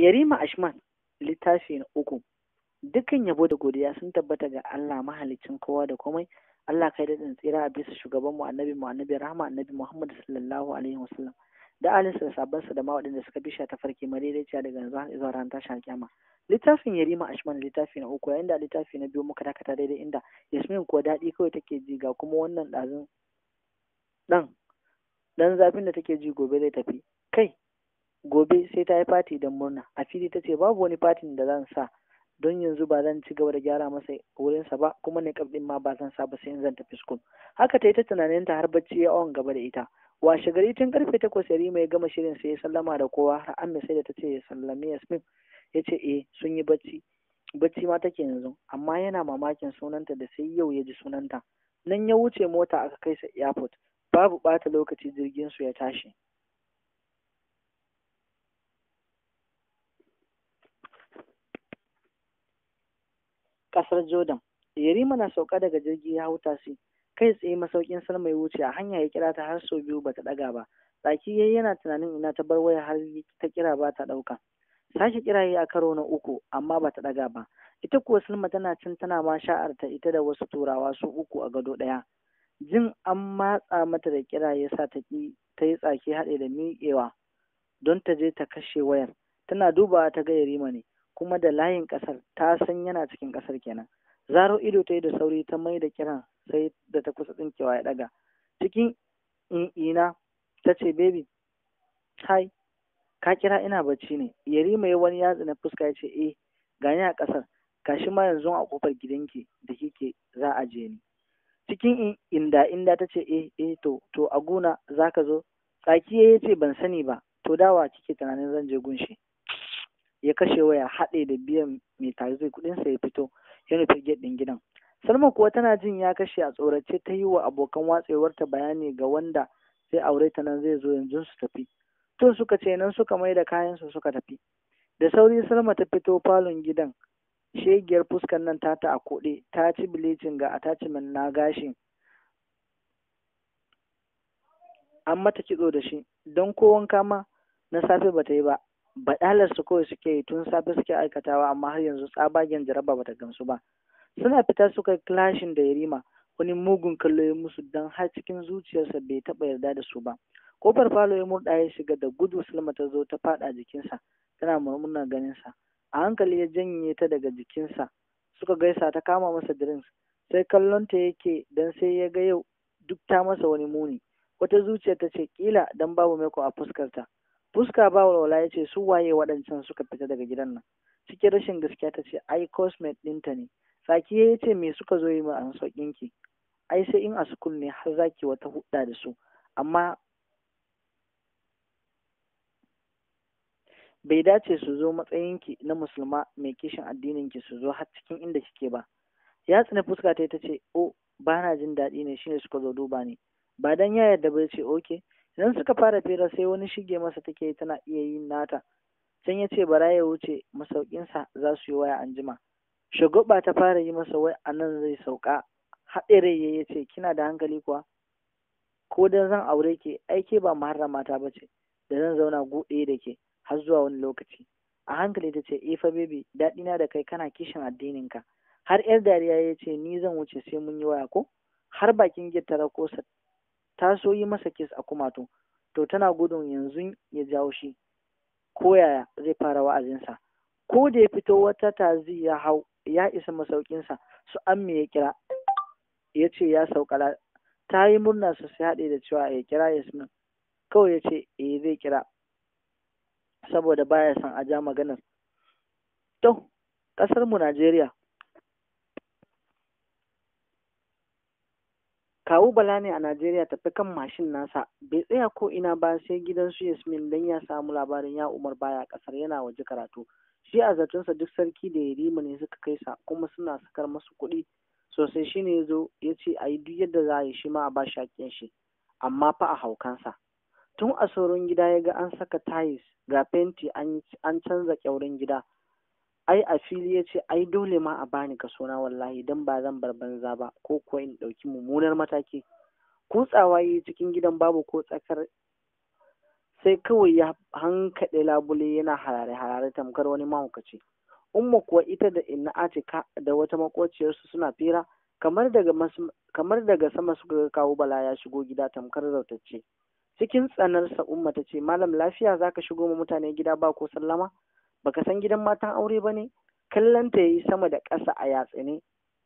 Yarima Ashman littafi na uku dukkan yabo da godiya sun tabbata ga Allah mahalicin kowa da komai Allah kai daɗin tsira a bisa shugaban mu annabi mu annabi rahama annabi Muhammad sallallahu alaihi wasallam da alinsa da sa da ma waɗanda suka bisha ta farki madaidaiciya daga yanzu zuwa ran tashin kyama littafin yarima ashman littafi na uku yayin da littafi na biyu muka dakata daidai inda yasmin kuwa daɗi kawai take ji ga kuma wannan ɗazun ɗan ɗan zafin da take ji gobe zai tafi kai gobe sai ta yi fati don murna a fili ta ce babu wani fatin da zan sa don yanzu ba zan ci gaba da gyara masa wurinsa ba kuma ne kabdin ma ba zan sa ba sai in zan tafi school haka ta yi ta tunaninta har bacci ya awon gaba da ita washe gari tun karfe takwas Yarima ya gama shirin sai ya sallama da kowa har amma sai da ta ce ya sallami yasmin ya ce eh sun yi bacci bacci ma take yanzu amma yana mamakin sunanta da sai yau ya ji sunanta nan ya wuce mota aka kai sa airport babu ɓata lokaci jirgin su ya tashi ƙasar Jordan. Yarima na sauka daga jirgi ya hau tasi. Kai tsaye masaukin salma ya wuce a hanya ya kira ta har sau biyu bata ɗaga ba. Tsaki yayi yana tunanin ina ta bar waya har ta kira ba ta ɗauka. Sashi kira a karo na uku amma bata ɗaga ba. Ita kuwa Salma tana cin tana ma sha'arta ita da wasu turawa su uku a gado ɗaya. Jin an matsa mata da kira ya sa ta ki yi tsaki haɗe da miƙewa don ta je ta kashe wayar. Tana dubawa ta ga Yarima ne. kuma da layin ƙasar ta san yana cikin ƙasar kenan zaro ido ta yi da sauri ta mai da kiran sai da ta kusa tsinkewa ya ɗaga cikin ina ta ce baby hi ka kira ina bacci ne yari mai wani yatsi na fuska ya ce eh gani a ƙasar kashi ma yanzu a kofar gidanki da kike za a je ni cikin inda inda ta ce eh eh to to a gona za ka zo tsaki ya ce ban sani ba to dawa kike tunanin zan je gunshi ya kashe waya haɗe da biyan mai taxi kuɗinsa ya fito ya nufi gate gidan salma kuwa tana jin ya kashe a tsorace ta yi wa abokan watsewarta bayani ga wanda zai aure ta nan zai zo yanzu su tafi Tun suka ce nan suka mai da kayan su suka tafi da sauri salma ta fito falon gidan shegiyar fuskar nan ta ta a koɗi. ta ci bilicin ga attachment na gashi. an mata kitso da shi don ko wanka ma na safe ba ta yi ba su kawai suke yi tun safe suke aikatawa amma har yanzu tsabagen jaraba bata gamsu ba suna fita suka kilashin da yarima wani mugun kallo ya musu don har cikin zuciyarsa bai taɓa yarda da su ba kofar falo ya murɗa ya shiga da gudu salma ta zo ta faɗa jikinsa tana murmuna ganinsa a hankali ya janye ta daga jikinsa suka gaisa ta kama masa drinks sai kallonta yake don sai ya ga yau duk ta masa wani muni wata zuciya ta ce kila don babu mako a fuskarta fuska ba walwala ya ce su waye waɗancan suka fita daga gidan nan cikin rashin gaskiya ta ce ai cosmet ɗinta ne tsaki ya ce me suka zo yi ma an sauƙinki ai sai in a su ne har zaki wata huɗa da su amma bai dace su zo matsayinki na musulma mai kishin addininki su zo har cikin inda kike ba ya tsina fuska ta ce o oh, ba jin daɗi ne shine suka zo duba ni ba dan ya yarda ba ya ce oke idan suka fara fira sai wani shige masa take tana iya yin nata can ya ce bara ya wuce masaukinsa za su yi waya anjima shagoba ta fara yi masa wai a nan zai sauka Haɗe ya ya ce kina da hankali kuwa ko dan zan aure ke aike ba muharrama ta ba ce da zan zauna guɗe da ke har zuwa wani lokaci a hankali ta ce "E fa bebe daɗi na da kai kana kishin addininka har yar dariya ya ce ni zan wuce sai mun yi waya ko har bakin gittara ko ta yi masa kes a kumatu to tana gudun yanzu ya jawo shi ko yaya zai fara wa'azinsa ko da ya fito wata tazi ya hau ya isa masaukinsa su me ya kira ya ce ya saukala ta yi murna sosai haɗe da cewa ya kira yasmin kawai ya eh zai kira saboda baya son a ja maganar to ƙasarmu najeriya kawu bala ne a najeriya tafi kan mashin nasa bai tsaya ko ina ba sai gidan su yasmin don ya samu labarin ya umar baya kasar yana waje karatu shi a zatonsa duk sarki da ya yarima ne suka kai sa kuma suna sakar masu kuɗi sosai shi ne ya zo ya ce a yi duk yadda za a yi shi ma a ba shi shi amma fa a haukansa tun a sauran gida ya ga an saka tayis ga fenti an canza ƙyaurin gida ai a fili ya ce ai dole ma a bani kaso na wallahi don ba zan bar banza ba ko kuwa in ɗauki mummunar mataki kutsawa yi cikin gidan babu ko tsakar sai kawai ya hankaɗe labule yana harare-harare tamkar wani mahaukaci umma kuwa ita da inna atika da wata makociyarsu suna fira kamar daga sama suka kawo bala ya shigo gida tamkar zautacce cikin tsanarsa umma ta ce malam lafiya zaka shigo ma mutane gida ba ko sallama baka san gidan matan aure ba ne kallon ta yi sama da ƙasa a yatsine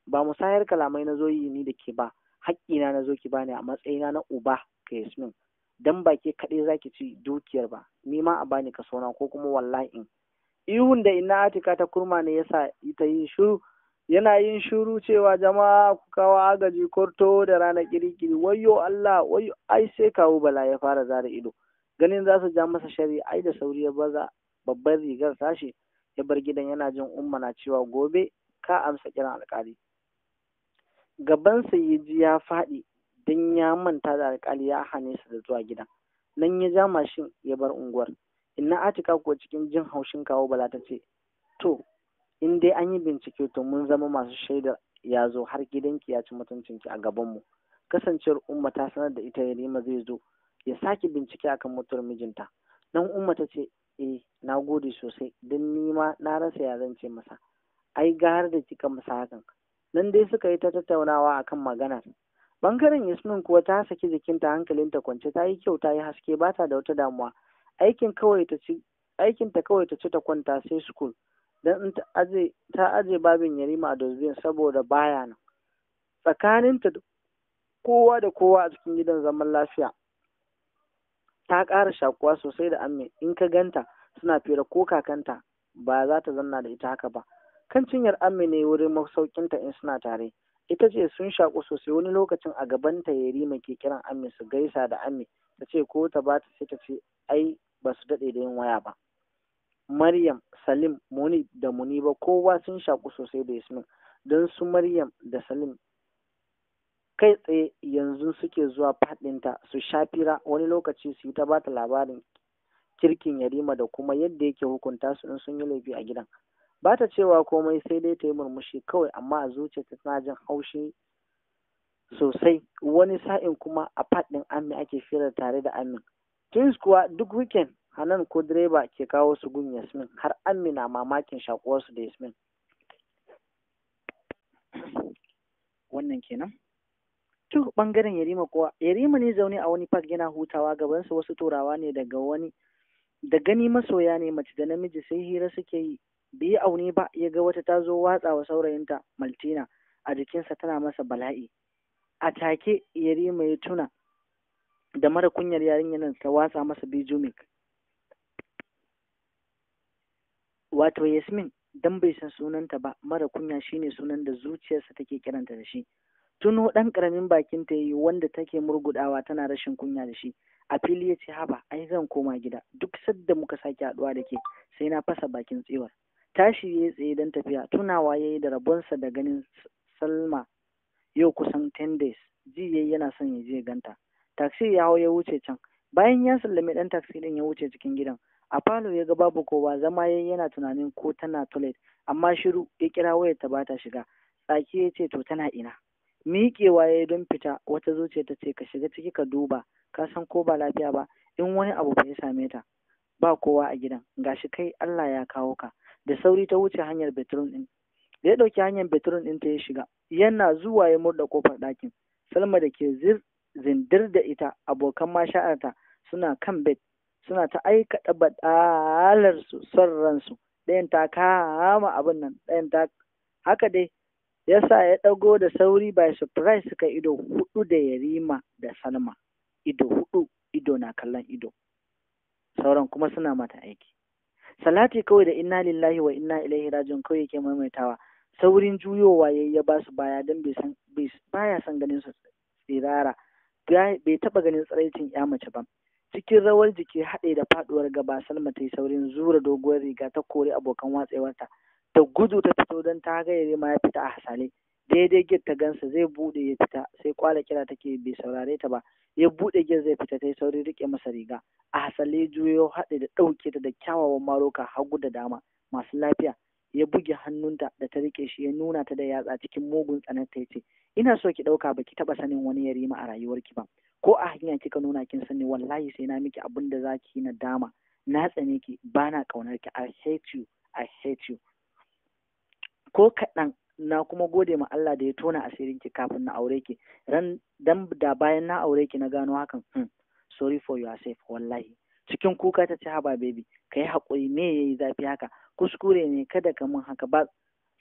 ba musayar kalamai na zo yi ni da ke ba haƙƙina na zo ki bani a matsayina na uba ga yasmin dan ba ke kaɗai za ki ci dukiyar ba ni ma a bani sona ko kuma wallahi ihun da ina atika ta kurma ne yasa ita yin shiru yana yin shiru cewa jama'a ku kawo agaji korto da rana kirikiri wayo Allah wayo ai sai kawo bala ya fara zara ido ganin za su ja masa shari'a ai da sauri ya baza babban rigar sashe ya bar gidan yana jin umma na cewa gobe ka amsa kiran alkali sa ya ji ya faɗi don ya manta da alkali ya hane su da zuwa gida. nan ya ja mashin ya bar unguwar inna atika kuwa cikin jin haushin kawo bala ta ce to in dai an yi bincike to mun zama masu shaidar ya zo har gidanki ya ci mutuncin ki a gabanmu kasancewar umma ta sanar da ita yarima zai zo ya sake bincike akan mutuwar mijinta nan umma ta ce eh na gode sosai don nima, na rasa ya zan ce masa ai gahar da kika masa hakan nan dai suka yi ta tattaunawa kan magana. bangaren yasmin kuwa ta saki jikinta hankalinta kwance ta yi kyau ta yi haske ba ta da wata damuwa aikin kawai ta ci ta kawai ta ci ta kwanta sai school dan in ta aje babin yarima a dozbin saboda baya nan tsakaninta kowa da kowa a cikin gidan zaman lafiya ta ƙara shakuwa sosai da amme in ka ganta suna fira ko kakanta ba za ta zanna da ita haka ba kan cinyar amme ne wurin masaukinta in suna tare ita ce sun shaku sosai wani lokacin a gaban ta yari mai ke kiran amme su gaisa da amme ta ce ko ta ba ta sai ta ce ai ba su daɗe da yin waya ba maryam salim muni da muni ba kowa sun shaku sosai da yasmin don su maryam da salim kai tsaye yanzu suke zuwa faɗinta su sha fira wani lokaci su yi ta bata labarin kirkin yarima da kuma yadda yake hukunta su in sun yi laifi a gidan ba ta cewa komai sai dai ta yi murmushi kawai amma a zuciyarta tana jin haushi sosai wani sa'in kuma a faɗin amin ake fira tare da amin twins kuwa duk weekend hanan ko direba ke kawo su gun yasmin har Amina na mamakin shakuwarsu da yasmin wannan kenan su bangaren yarima kowa, yarima ne zaune a wani park yana hutawa gabansa wasu turawa ne daga wani da gani masoya ne mace da namiji sai hira suke yi bai aune ba ya ga wata ta zo watsa wa saurayinta maltina a jikinsa tana masa bala'i a take yarima ya tuna da mara kunyar yarinyar ta watsa masa bijumik wato yasmin dan bai san sunanta ba mara kunya shine sunan da zuciyarsa take kiranta da shi tuno ɗan ƙaramin bakin ta yi wanda take murgudawa tana rashin kunya da shi a fili ya ce haba ai zan koma gida duk sadda muka sake haɗuwa da ke sai na fasa bakin tsiwar tashi ya tsaye don tafiya tunawa ya yi da rabonsa da ganin salma yau kusan 10 days ji yayi yana son ya je ganta taksi ya hau ya wuce can bayan ya sallame ɗan taksi ɗin ya wuce cikin gidan a falo ya ga babu kowa zama yayi yana tunanin ko tana toilet amma shiru ya kira wayar ta bata shiga tsaki ya ce to tana ina miƙewa ya yi don fita wata zuciya ta ce ka shiga ciki ka duba ka san ko ba lafiya ba in wani abu ba ya same ta ba kowa a gidan gashi kai Allah ya kawo ka da sauri ta wuce hanyar bedroom din da ya ɗauki hanyar bedroom din ta ya shiga yana zuwa ya murda kofar ɗakin Salma da ke zir zindir da ita abokan masha'arta suna kan bed suna ta aikaɗa baɗalar su son ransu ɗayan ta kama abin nan ɗayan ta haka dai ya sa ya ɗago da sauri by surprise suka ido hudu da yarima da salma ido hudu ido na kallon ido sauran kuma suna mata aiki salati kawai da inna lillahi wa inna ilaihi rajiun kawai yake maimaitawa saurin juyowa yayi ya su baya don bai san baya san ganin su tsirara bai taba ganin tsiraicin ya mace ba cikin rawar jiki haɗe da faɗuwar gaba salma ta yi saurin zura doguwar riga ta kori abokan watsewarta da gudu ta fito don ta yare ma ya fita a hasale daidai gid ta gansa zai bude ya fita sai kwala kira take bai saurare ta ba ya bude gid zai fita ta yi sauri rike masa riga a hasale juyo haɗe da ɗauke ta da kyawawan maroka hagu da dama masu lafiya ya buge hannunta da ta rike shi ya nuna ta da yatsa cikin mugun tsananta ya ce ina so ki ɗauka ba ki taɓa sanin wani yarima a rayuwarki ba ko a hanya kika nuna kin sani wallahi sai na miki abin da za ki yi na dama na tsane ki bana na ƙaunar ki I hate you I hate you ko kaɗan na kuma gode ma Allah da ya tona asirin ki kafin na aure ki ran dan da bayan na aure ki na gano hakan hmm. sorry for yourself wallahi cikin kuka ta ce haba baby ka yi haƙuri me ya yi zafi haka kuskure ne kada ka mun haka ba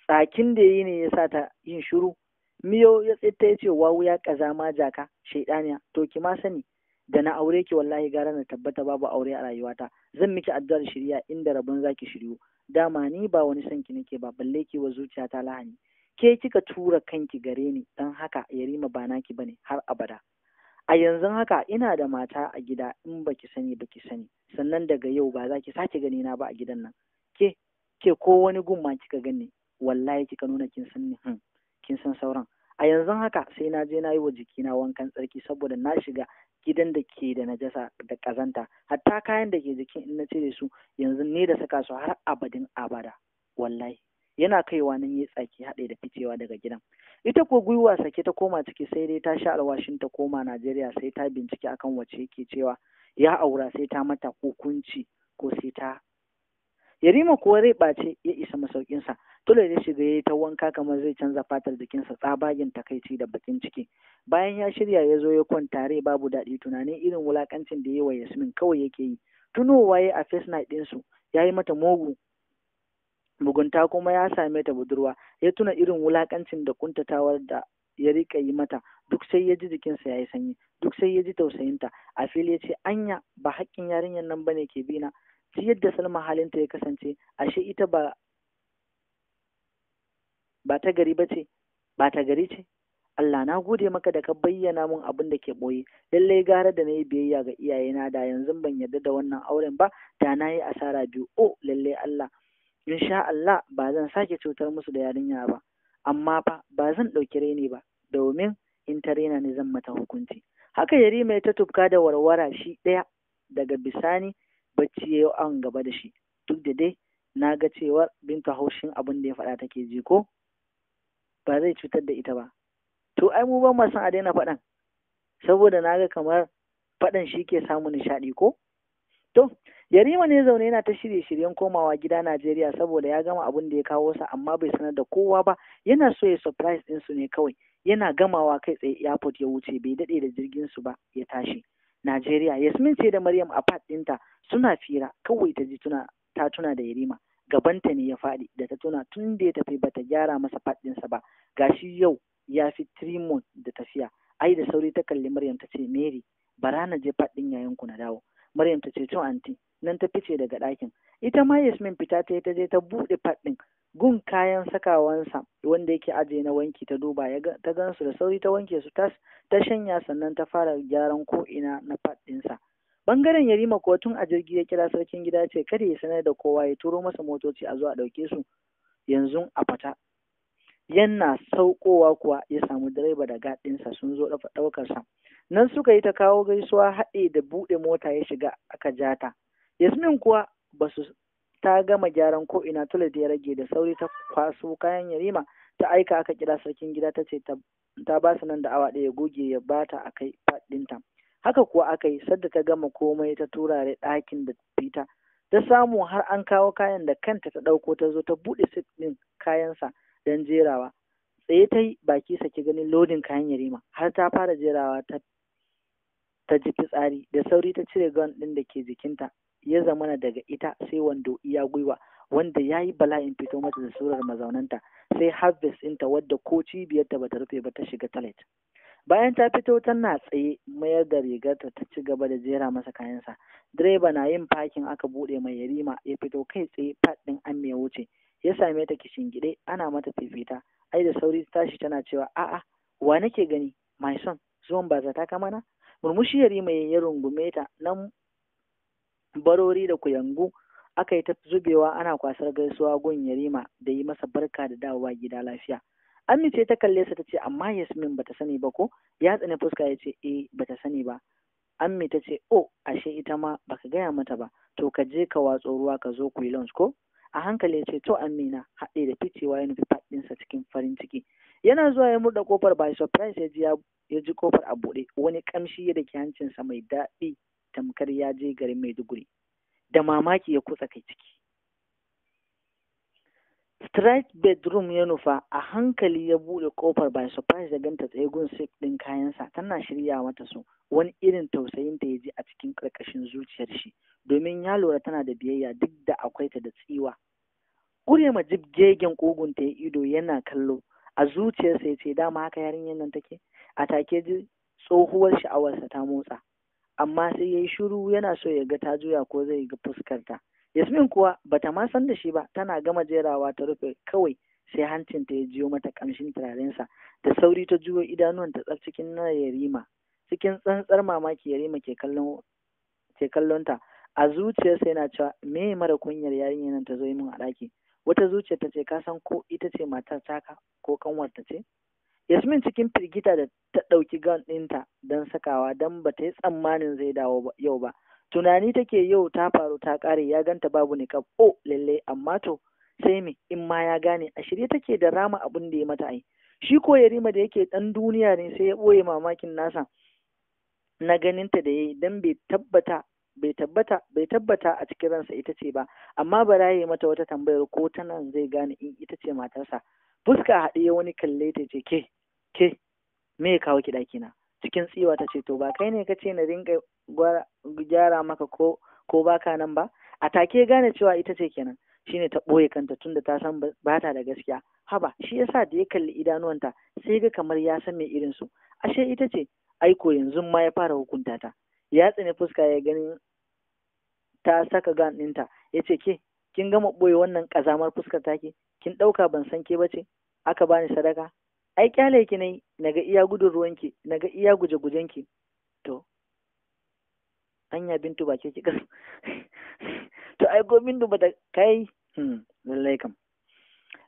tsakin da yi ne ya sa ta yin shiru miyo ya tsita ya ce wawu ya kaza ma jaka shaidaniya to ki ma sani da na aure ki wallahi gara na tabbata babu aure a rayuwata zan miki addu'ar shirya inda rabon zaki shiryu dama ni ba wani son ki nake ba balle ki wa zuciya ta lahani ke kika tura kanki gare ni dan haka yarima ba naki bane har abada a yanzu haka ina da mata a gida in baki sani baki sani sannan daga yau ba za ki sake gani na ba a gidan nan ke ke ko wani gumma kika gani wallahi kika nuna kin san ni hmm, kin san sauran a yanzu haka sai na je na yi wa jikina wankan tsarki saboda na shiga gidan da ke da najasa da kazanta hatta kayan da ke jikin in na cire su yanzu ne da saka su har abadin abada wallahi yana kaiwa nan ya tsaki haɗe da ficewa daga gidan ita ko gwiwa sake ta koma ciki sai dai ta sha alwashin ta koma najeriya sai ta bincike akan wace yake cewa ya aura sai ta mata hukunci ko sai ta yarima kuwa zai ɓace ya isa masaukinsa da ya shiga ya yi ta wanka kamar zai canza fatar jikinsa tsabagen takaici da bakin ciki bayan ya shirya ya zo ya kwanta rai babu daɗi tunanin irin wulakancin da ya wa yasmin kawai yake yi tunowa ya a face night ɗinsu ya yi mata mugu mugunta kuma ya same ta budurwa ya tuna irin wulakancin da kuntatawar da ya rika yi mata duk sai ya ji jikinsa ya yi sanyi duk sai ya ji tausayinta a fili ya ce anya ba haƙƙin yarinyar nan ba ne ke bina duk yadda salma halinta ya kasance ashe ita ba ba ta gari ba ce ba ta gari ce Allah na gode maka da ka bayyana mun abin da ke ɓoye lallai gara da na yi biyayya ga iyayena da yanzu ban yarda da wannan auren ba da na yi asara biyu o oh, lallai Allah insha Allah ba zan sake cutar musu da yarinya ba amma fa ba zan ɗauki raini ba domin in ta na ne zan mata hukunci haka yari mai ta tufka da warwara shi ɗaya daga bisani bacci ya yi an gaba da shi duk da dai na ga cewar binta haushin abin da ya faɗa take ji ko ba zai cutar da ita ba to ai mu ban san a daina faɗan saboda na ga kamar faɗan shi ke samun nishaɗi ko to yarima ne zaune yana ta shirye shiryen komawa gida najeriya saboda ya gama abin da ya kawo sa amma bai sanar da kowa ba yana so ya surprise ɗinsu ne kawai yana gamawa kai tsaye airport ya wuce bai daɗe da jirgin su ba ya tashi najeriya yasmin ce da maryam a pad ɗinta suna fira kawai ta ji tuna ta tuna da yarima gabanta ne ya faɗi da ta tuna tun da ya tafi bata gyara masa faɗinsa ba gashi yau ya fi trimon da tafiya ai da sauri ta kalli maryam ta ce mary bara na je faɗin yayin ku na dawo maryam ta ce to anti nan ta fice daga ɗakin ita ma yasmin fita ta ta je ta buɗe faɗin gun kayan sakawansa wanda yake ajiye na wanki ta duba ta gansu da sauri ta wanke su tas ta shanya sannan ta fara gyaran ko ina na faɗinsa bangaren yarima ko tun a jirgi ya kira sarkin gida ce kada ya sanar da kowa ya turo masa motoci a zo a ɗauke su yanzu a fata yana saukowa kuwa ya samu direba da gaɗinsa sun zo ɗaukarsa nan suka yi ta kawo gaisuwa haɗe da buɗe mota ya shiga aka jata yasmin kuwa ba su ta gama gyaran ko ina tula da ya rage da sauri ta kwaso kayan yarima ta aika aka kira sarkin gida ta ce ta ba su nan da awa ɗaya goge ya bata a kai faɗinta haka kuwa aka yi sadda ta gama komai ta turare ɗakin da fita ta samu har an kawo kayan da kanta ta ɗauko ta zo ta buɗe sitin ɗin kayansa don jerawa tsaye ta yi baki sake ganin lodin kayan yarima har ta fara jerawa ta ta ji fitsari da sauri ta cire gan ɗin da ke jikinta ya zamana daga ita sai wando iya gwiwa wanda ya yi bala'in fito mata da surar mazaunanta sai harvest ɗinta wadda ko cibiyarta ba ta rufe ba ta shiga talet bayan ta fito tana tsaye mayar da rigarta ta ci gaba da jera masa kayansa direba na yin fakin aka bude mai yarima ya fito kai tsaye fat ɗin an ya wuce ya same ta gide ana mata fifita ai da sauri tashi tana cewa a'a wa nake gani my son zuwan ba zata kama mana murmushi yarima ya rungume ta nan barori da kuyangu aka yi ta zubewa ana kwasar gaisuwa gun yarima da yi masa barka da dawowa gida lafiya amince ce ta kalle sa ta ce amma Yasmin bata sani ba ko? Ya tsane fuska ya ce eh bata sani ba. Ammi ta ce oh ashe ita ma baka gaya mata ba. To ka je ka watso ruwa ka zo ku yi lunch ko? A hankali ya ce to Amina haɗe da ficewa ya nufi faɗin sa cikin farin ciki. Yana zuwa ya murda kofar ba surprise ya ji ya ji kofar a buɗe wani kamshi ya dake hancinsa mai daɗi tamkar ya je garin Maiduguri. Da mamaki ya kutsa kai ciki. straight bedroom ya nufa a hankali ya bude kofar by surprise da ganta tsaye gun sik din kayansa tana shirya mata su wani irin tausayin ta ji a cikin karkashin zuciyar shi domin ya lura tana da biyayya duk da akwai ta da tsiwa gure ma jibgegen kogun ta ido yana kallo a zuciyarsa ya ce dama haka yarinyar nan take a take ji tsohuwar sha'awarsa ta motsa amma sai ya yi shiru yana so ya ga ta juya ko zai ga fuskarta Yasmin kuwa ba ta ma san da shi ba tana gama jerawa ta rufe kawai sai hancin ta ya jiyo mata kamshin turarensa da sauri ta juyo idanuwanta tsar cikin na yarima cikin tsantsar mamaki yarima ke kallon ke kallonta a sai na cewa me mara kunyar yarinyar nan ta zo min a ɗaki wata zuciyar ta ce ka san ko ita ce matar taka ko ta ce yasmin cikin firgita da ta ɗauki gan ɗinta don sakawa don ba ta yi tsammanin zai dawo yau ba tunani take yau ta faru ta ƙare ya ganta babu niƙab o oh, lalle amma to sai me in ma ya gane a shirye take da rama abin da ya mata ai shi ko yarima da yake dan duniya ne sai ya boye mamakin nasa na ganinta da yayi dan bai tabbata bai tabbata bai tabbata a cikin ransa ita ce ba amma bara ya mata wata tambayar ko ta nan zai gane in ita ce matarsa fuska haɗe wani kalle ta ce ke ke me ya kawo ki ɗakina cikin tsiwa ta ce to ba kai ne ka ce na rinka gyara maka ko ko baka nan ba a take gane cewa ita ce kenan shine ta ɓoye kanta tunda ta san ba ta da gaskiya haba shi yasa da ya kalli idanuwanta sai ga kamar ya san mai irin su ashe ita ce aiko yanzu ma ya fara hukunta ta ya tsine fuska ya ganin ta saka gan ɗinta ya ce ke kin gama ɓoye wannan ƙazamar fuskar take kin ɗauka ban san ke bace aka bani sadaka ai kyale ki nai naga iya gudun ruwanki naga iya guje gujenki to anya bintu ba ke ki gas to ai ba ta kai hmm lallai kam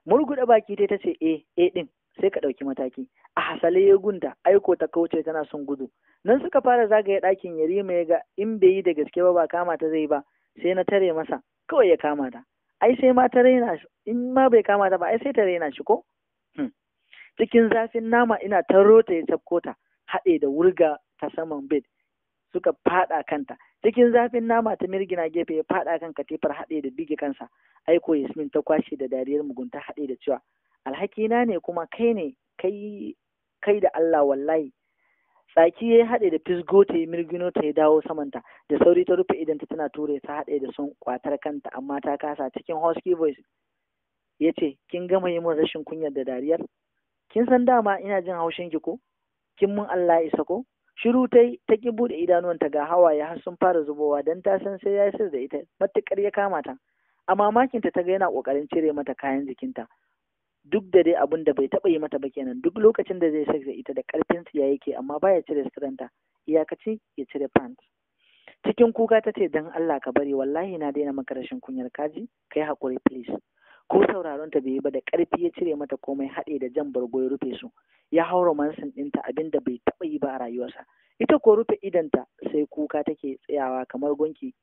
murguda baki dai tace eh eh din sai ka ɗauki mataki a hasale ya gunta aiko ta kauce tana son gudu nan suka fara zagaye ɗakin yarima ya ga in bai yi da gaske ba ba kama ta zai ba sai na tare masa kawai ya kama ta ai sai ma ta raina shi in ma bai kama ta ba ai sai ta raina shi ko cikin zafin nama ina ta rota ya ta haɗe da wurga ta saman bed suka faɗa kanta cikin zafin nama ta mirgina gefe ya faɗa kan katifar haɗe da bige kansa aiko yasmin ta kwashe da dariyar mugunta haɗe da cewa alhakina ne kuma kai ne kai kai da Allah wallahi tsaki ya haɗe da fisgo ta yi mirgino ta ya dawo samanta da sauri ta rufe idan ta tana ture ta haɗe da sun kwatar kanta amma ta kasa cikin husky voice ya ce kin gama yi min rashin kunyar da dariyar kin san dama ina jin haushin ki ko kin mun Allah isa ko shiru ta ta ki bude ta ga hawaye har sun fara zubowa dan ta san sai ya sir da ita matukar ya kama ta a mamakinta ta ga yana kokarin cire mata kayan jikinta duk da dai abin da bai taba yi mata ba kenan duk lokacin da zai sex da ita da karfin tsiya ke, amma baya cire iya iyakaci ya cire pants cikin kuka ta ce don Allah ka bari wallahi na daina maka rashin kunyar kaji kai hakuri please ko sauraron ta bai ba da ƙarfi ya cire mata komai haɗe da jan bargo ya rufe su ya hau romansin ɗinta abin da bai taɓa yi ba a rayuwarsa ita ko rufe idanta sai kuka take tsayawa kamar gunki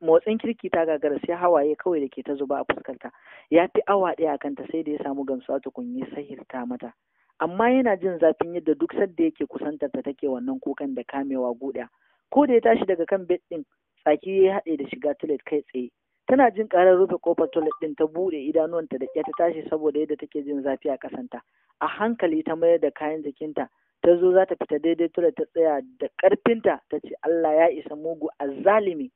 motsin kirki ta gagara sai hawaye kawai da ke ta zuba a fuskarta ya fi awa ɗaya a kanta sai da ya samu gamsuwa tukunyi sahirta mata amma yana jin zafin yadda duk sadda yake kusantar ta take wannan kukan da kamewa guda ko da ya tashi daga kan bed ɗin, tsaki ya haɗe da shiga toilet kai tsaye tana jin karar rufe kofar toilet din ta bude idanuwanta da ta tashi saboda yadda take jin zafi a kasanta a hankali ta mayar da kayan jikinta ta zo za ta fita daidai toilet ta tsaya da karfinta ta ce Allah ya isa mugu a zalimi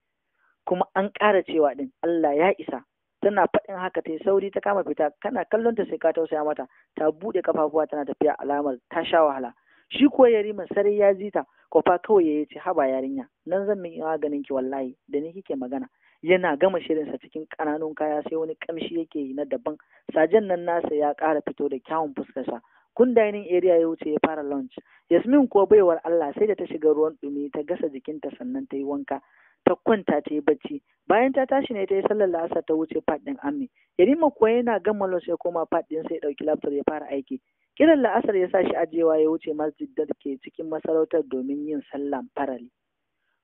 kuma an ƙara cewa din Allah ya isa tana faɗin haka ta yi sauri ta kama fita kana kallon ta sai ka tausaya mata ta buɗe kafafuwa tana tafiya alamar ta sha wahala shi kuwa yarima sarai ya zita kofa kawai ya ce haba yarinya nan zan min maganin ki wallahi da ni kike magana yana gama shirinsa cikin ƙananun kaya sai wani ƙamshi yake yi na daban sajen nan nasa ya ƙara fito da kyawun fuskarsa kun dining area ya wuce ya fara lunch yasmin kuwa baiwar allah sai da ta shiga ruwan ɗumi ta gasa jikinta sannan ta yi wanka ta kwanta ta yi bacci bayan ta tashi ne ta yi sallar la'asar ta wuce faɗin ami ammi yarima kuwa yana gama lunch ya koma faɗin ɗin sai ya ɗauki laptop ya fara aiki kiran la'asar ya sa shi ajiyewa ya wuce masjid da ke cikin masarautar domin yin sallan farali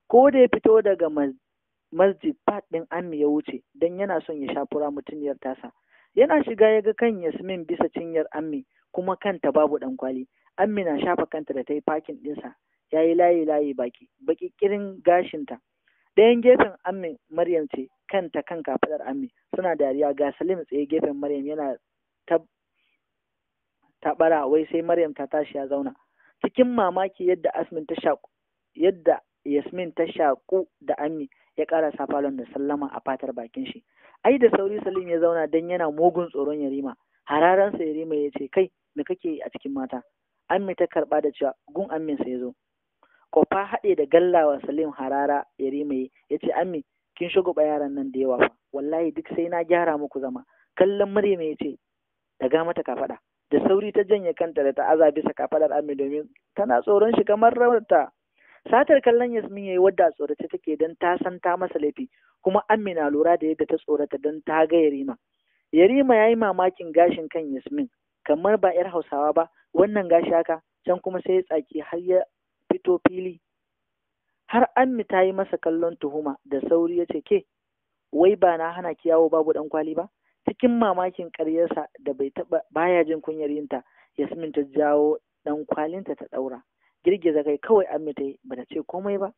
ko da ya fito daga masjid fat ɗin ammi ya wuce don yana son ya sha fura mutuniyar tasa yana shiga ya ga kan yasmin bisa cinyar ammi kuma kanta babu ɗankwali ammi na shafa kanta da ta yi fakin ɗinsa ya yi layi layi baki baki kirin gashinta ɗayan gefen ammi maryam ce kanta kan kafaɗar ammi suna dariya ga salim tsaye gefen maryam yana tabara wai sai maryam ta tashi ya zauna cikin mamaki yadda asmin ta yadda yasmin ta shaƙu da ammi ya karasa falon da sallama a fatar bakin shi ai da sauri salim ya zauna dan yana mugun tsoron yarima hararansa yarima ya ce kai me kake a cikin mata ammi ta karba da cewa gun ammin sa zo. kofa haɗe da gallawa salim harara yarima ya ce ammi kin shugaba yaran nan da yawa fa wallahi duk sai na gyara muku zama kallon maryam ya ce da ga mata kafada da sauri ta janye kanta da ta'aza bisa kafadar ammi domin tana tsoron shi kamar rauta satar kallon yasmin ya yayi wadda a tsorace take don ta san ta masa laifi kuma amina lura da yadda ta tsorata don ta ga yarima yarima ya yi mamakin gashin kan yasmin kamar ba yar hausawa ba wannan gashi haka can kuma sai ya tsaki har ya fito fili har ammi ta yi masa kallon tuhuma da sauri ya ce ke wai ba na hana ki yawo babu dan kwali ba cikin mamakin karyarsa da bai taba baya jin kunyar yinta yasmin ta jawo dan kwalinta ta daura girgiza kai kawai Ami ta yi bata ce komai ba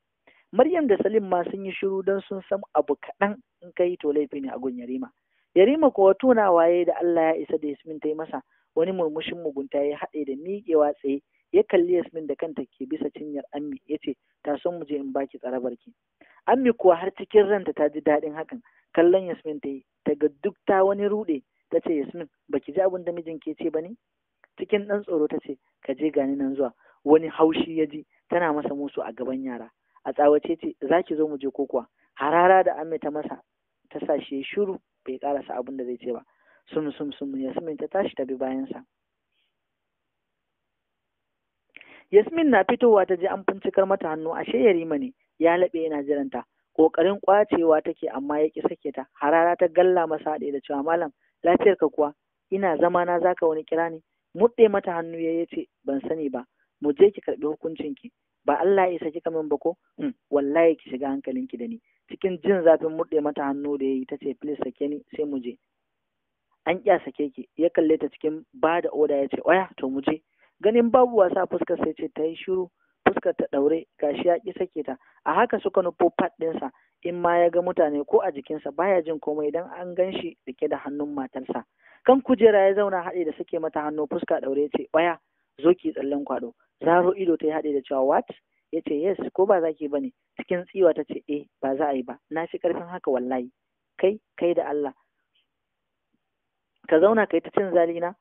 Maryam da Salim ma sun yi shiru don sun san abu kaɗan in ka yi to laifi ne a gun Yarima Yarima kuwa tuna waye da Allah ya isa da Yasmin ta yi masa wani murmushin mugunta ya haɗe da miƙewa tsaye ya kalli Yasmin da kanta ke bisa cinyar Ammi ya ce ta son mu je in baki tsarabarki. Ammi kuwa har cikin ranta ta ji daɗin hakan kallon Yasmin ta yi ta duk ta wani ruɗe ta ce Yasmin baki ji abin da mijin ke ce ba ne? Cikin ɗan tsoro ta ce ka je gani nan zuwa wani haushi ya ji tana masa musu a gaban yara a tsawace ce za ki zo mu je ko kuwa harara da amme ta masa ta sa shi shiru bai karasa abin da zai ce ba Sun sun sum yasmin ta tashi ta bi bayansa yasmin na fitowa ta je an fincikar mata hannu ashe yarima ne ya laɓe yana jiranta ƙoƙarin ƙwacewa take amma ya ƙi sake ta harara ta galla masa haɗe da cewa malam ka kuwa ina zama na zaka wani kira ne muɗe mata hannu ya ce ban sani ba mu je ki karɓi hukuncin ki ba Allah ya saki kamin ba ko mm, wallahi ki shiga hankalin ki da ni cikin jin zafin murde mata hannu da yayi tace please sake ni sai mu je an kya sake ki ya kalle ta cikin ba da oda ya ce oya to mu je ganin babu wasa fuskar sai ce ta yi shiru fuskar ta ɗaure gashi ya ki sake ta a haka suka nufo fat ɗinsa in ma ya ga mutane ko a jikinsa baya jin komai idan an gan shi rike da hannun matarsa kan kujera ya zauna hade da sake mata hannu fuska daure ce waya zo ki tsallen kwado zaro ido ta haɗe da cewa what ya ce yes ko ba za ki bane cikin tsiwa ta ce eh ba za a yi ba na fi ƙarfin haka wallahi kai kai da Allah ka zauna kai ta cin zalina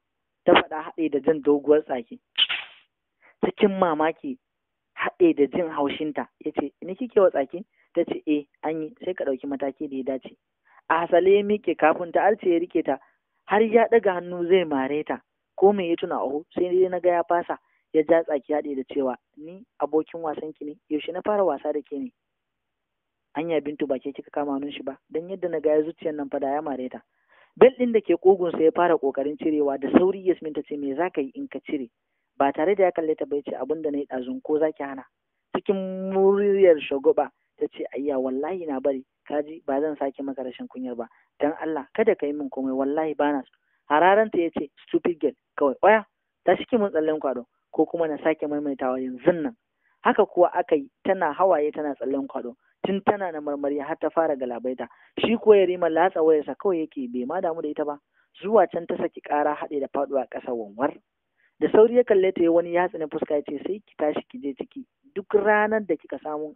ta faɗa haɗe da jin doguwar tsaki cikin mamaki haɗe da jin haushinta ya ce ni kike wa tsaki ta ce eh an yi sai ka ɗauki mataki da ya dace a hasale ya miƙe kafin ta alce ya rike ta har ya ɗaga hannu zai mare ta ko me ya tuna aho sai dai na ga ya fasa ya ja tsaki haɗe da cewa ni abokin wasan ki ne yaushe na fara wasa da ke ne anya bintu ba ke kika kama nun shi ba dan yadda na ga zuciyar nan fa ya mare ta bel ɗin da ke ƙugunsa ya fara ƙoƙarin cirewa da sauri yasmin ta ce me za ka yi in ka cire ba tare da ya kalle ta bai ce abin da na yi ɗazun ko za ki hana cikin muryar shagoba ta ce ayya wallahi na bari kaji ba zan sake maka rashin kunyar ba dan Allah kada ka yi min komai wallahi bana so hararanta ya ce stupid girl kawai oya ta shi mun tsallen kwado ko kuma na sake maimaitawa yanzu nan haka kuwa aka yi tana hawaye tana tsallen kwado tun tana na marmari har ta fara galabaita shi kuwa ya rima latsa wayarsa kawai yake bai ma damu da ita ba zuwa can ta saki ƙara haɗe da faɗuwa ƙasa wanwar da sauri ya kalle ta wani yatsa na fuska ya ce sai ki tashi ki je ciki duk ranar da kika samu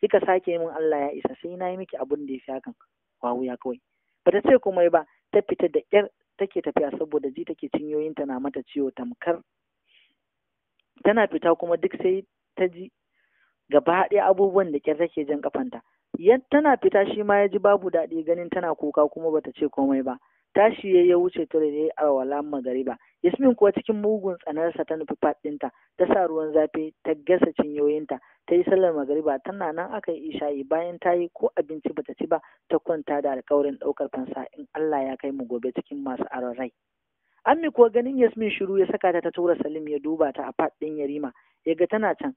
kika sake min Allah ya isa sai na yi miki abun da ya fi hakan wawu ya kawai ba ta ce komai ba ta fita da ƙyar take tafiya saboda ji take ta na mata ciwo tamkar tana fita kuma duk sai ta ji gaba ɗaya abubuwan da ƙyar take jan kafanta tana fita shi ma ya ji babu daɗi ganin tana kuka kuma bata ce komai ba tashi ya ya wuce tare da arwala magariba Yasmin kuwa cikin mugun tsanarsa ta nufi fat ɗinta, ta sa ruwan zafi ta gasa cinyoyinta, ta yi sallar magariba tana nan aka yi isha'i bayan ta yi ko abinci bata ci ba ta kwanta da alkawarin ɗaukar fansa in Allah ya kai mu gobe cikin masu aron rai. Ammi kuwa ganin Yasmin shiru ya saka ta ta tura Salim ya duba ta a fat ɗin Yarima, ya ga tana can,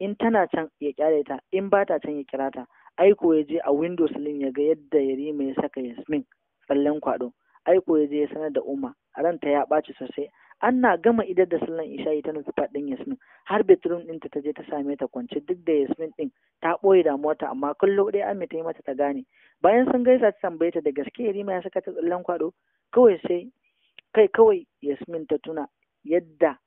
in tana can ya kyale ta, in ba ta can ya kira ta, aiko ya je a window Salim ya ga yadda Yarima ya saka Yasmin tsallen kwaɗo. aiko ya je ya sanar da umma ranta ya ɓaci sosai Anna gama idar da sallan isha'i ta nufi faɗin Yasmin har bedroom ɗinta ta je ta same ta kwance duk da Yasmin ɗin ta ɓoye damuwarta amma kallo ɗaya Ami ta yi mata ta gane bayan sun gaisa ta tambaye ta da gaske Rima ya saka ta tsallan kwaɗo kawai sai kai kawai Yasmin ta tuna yadda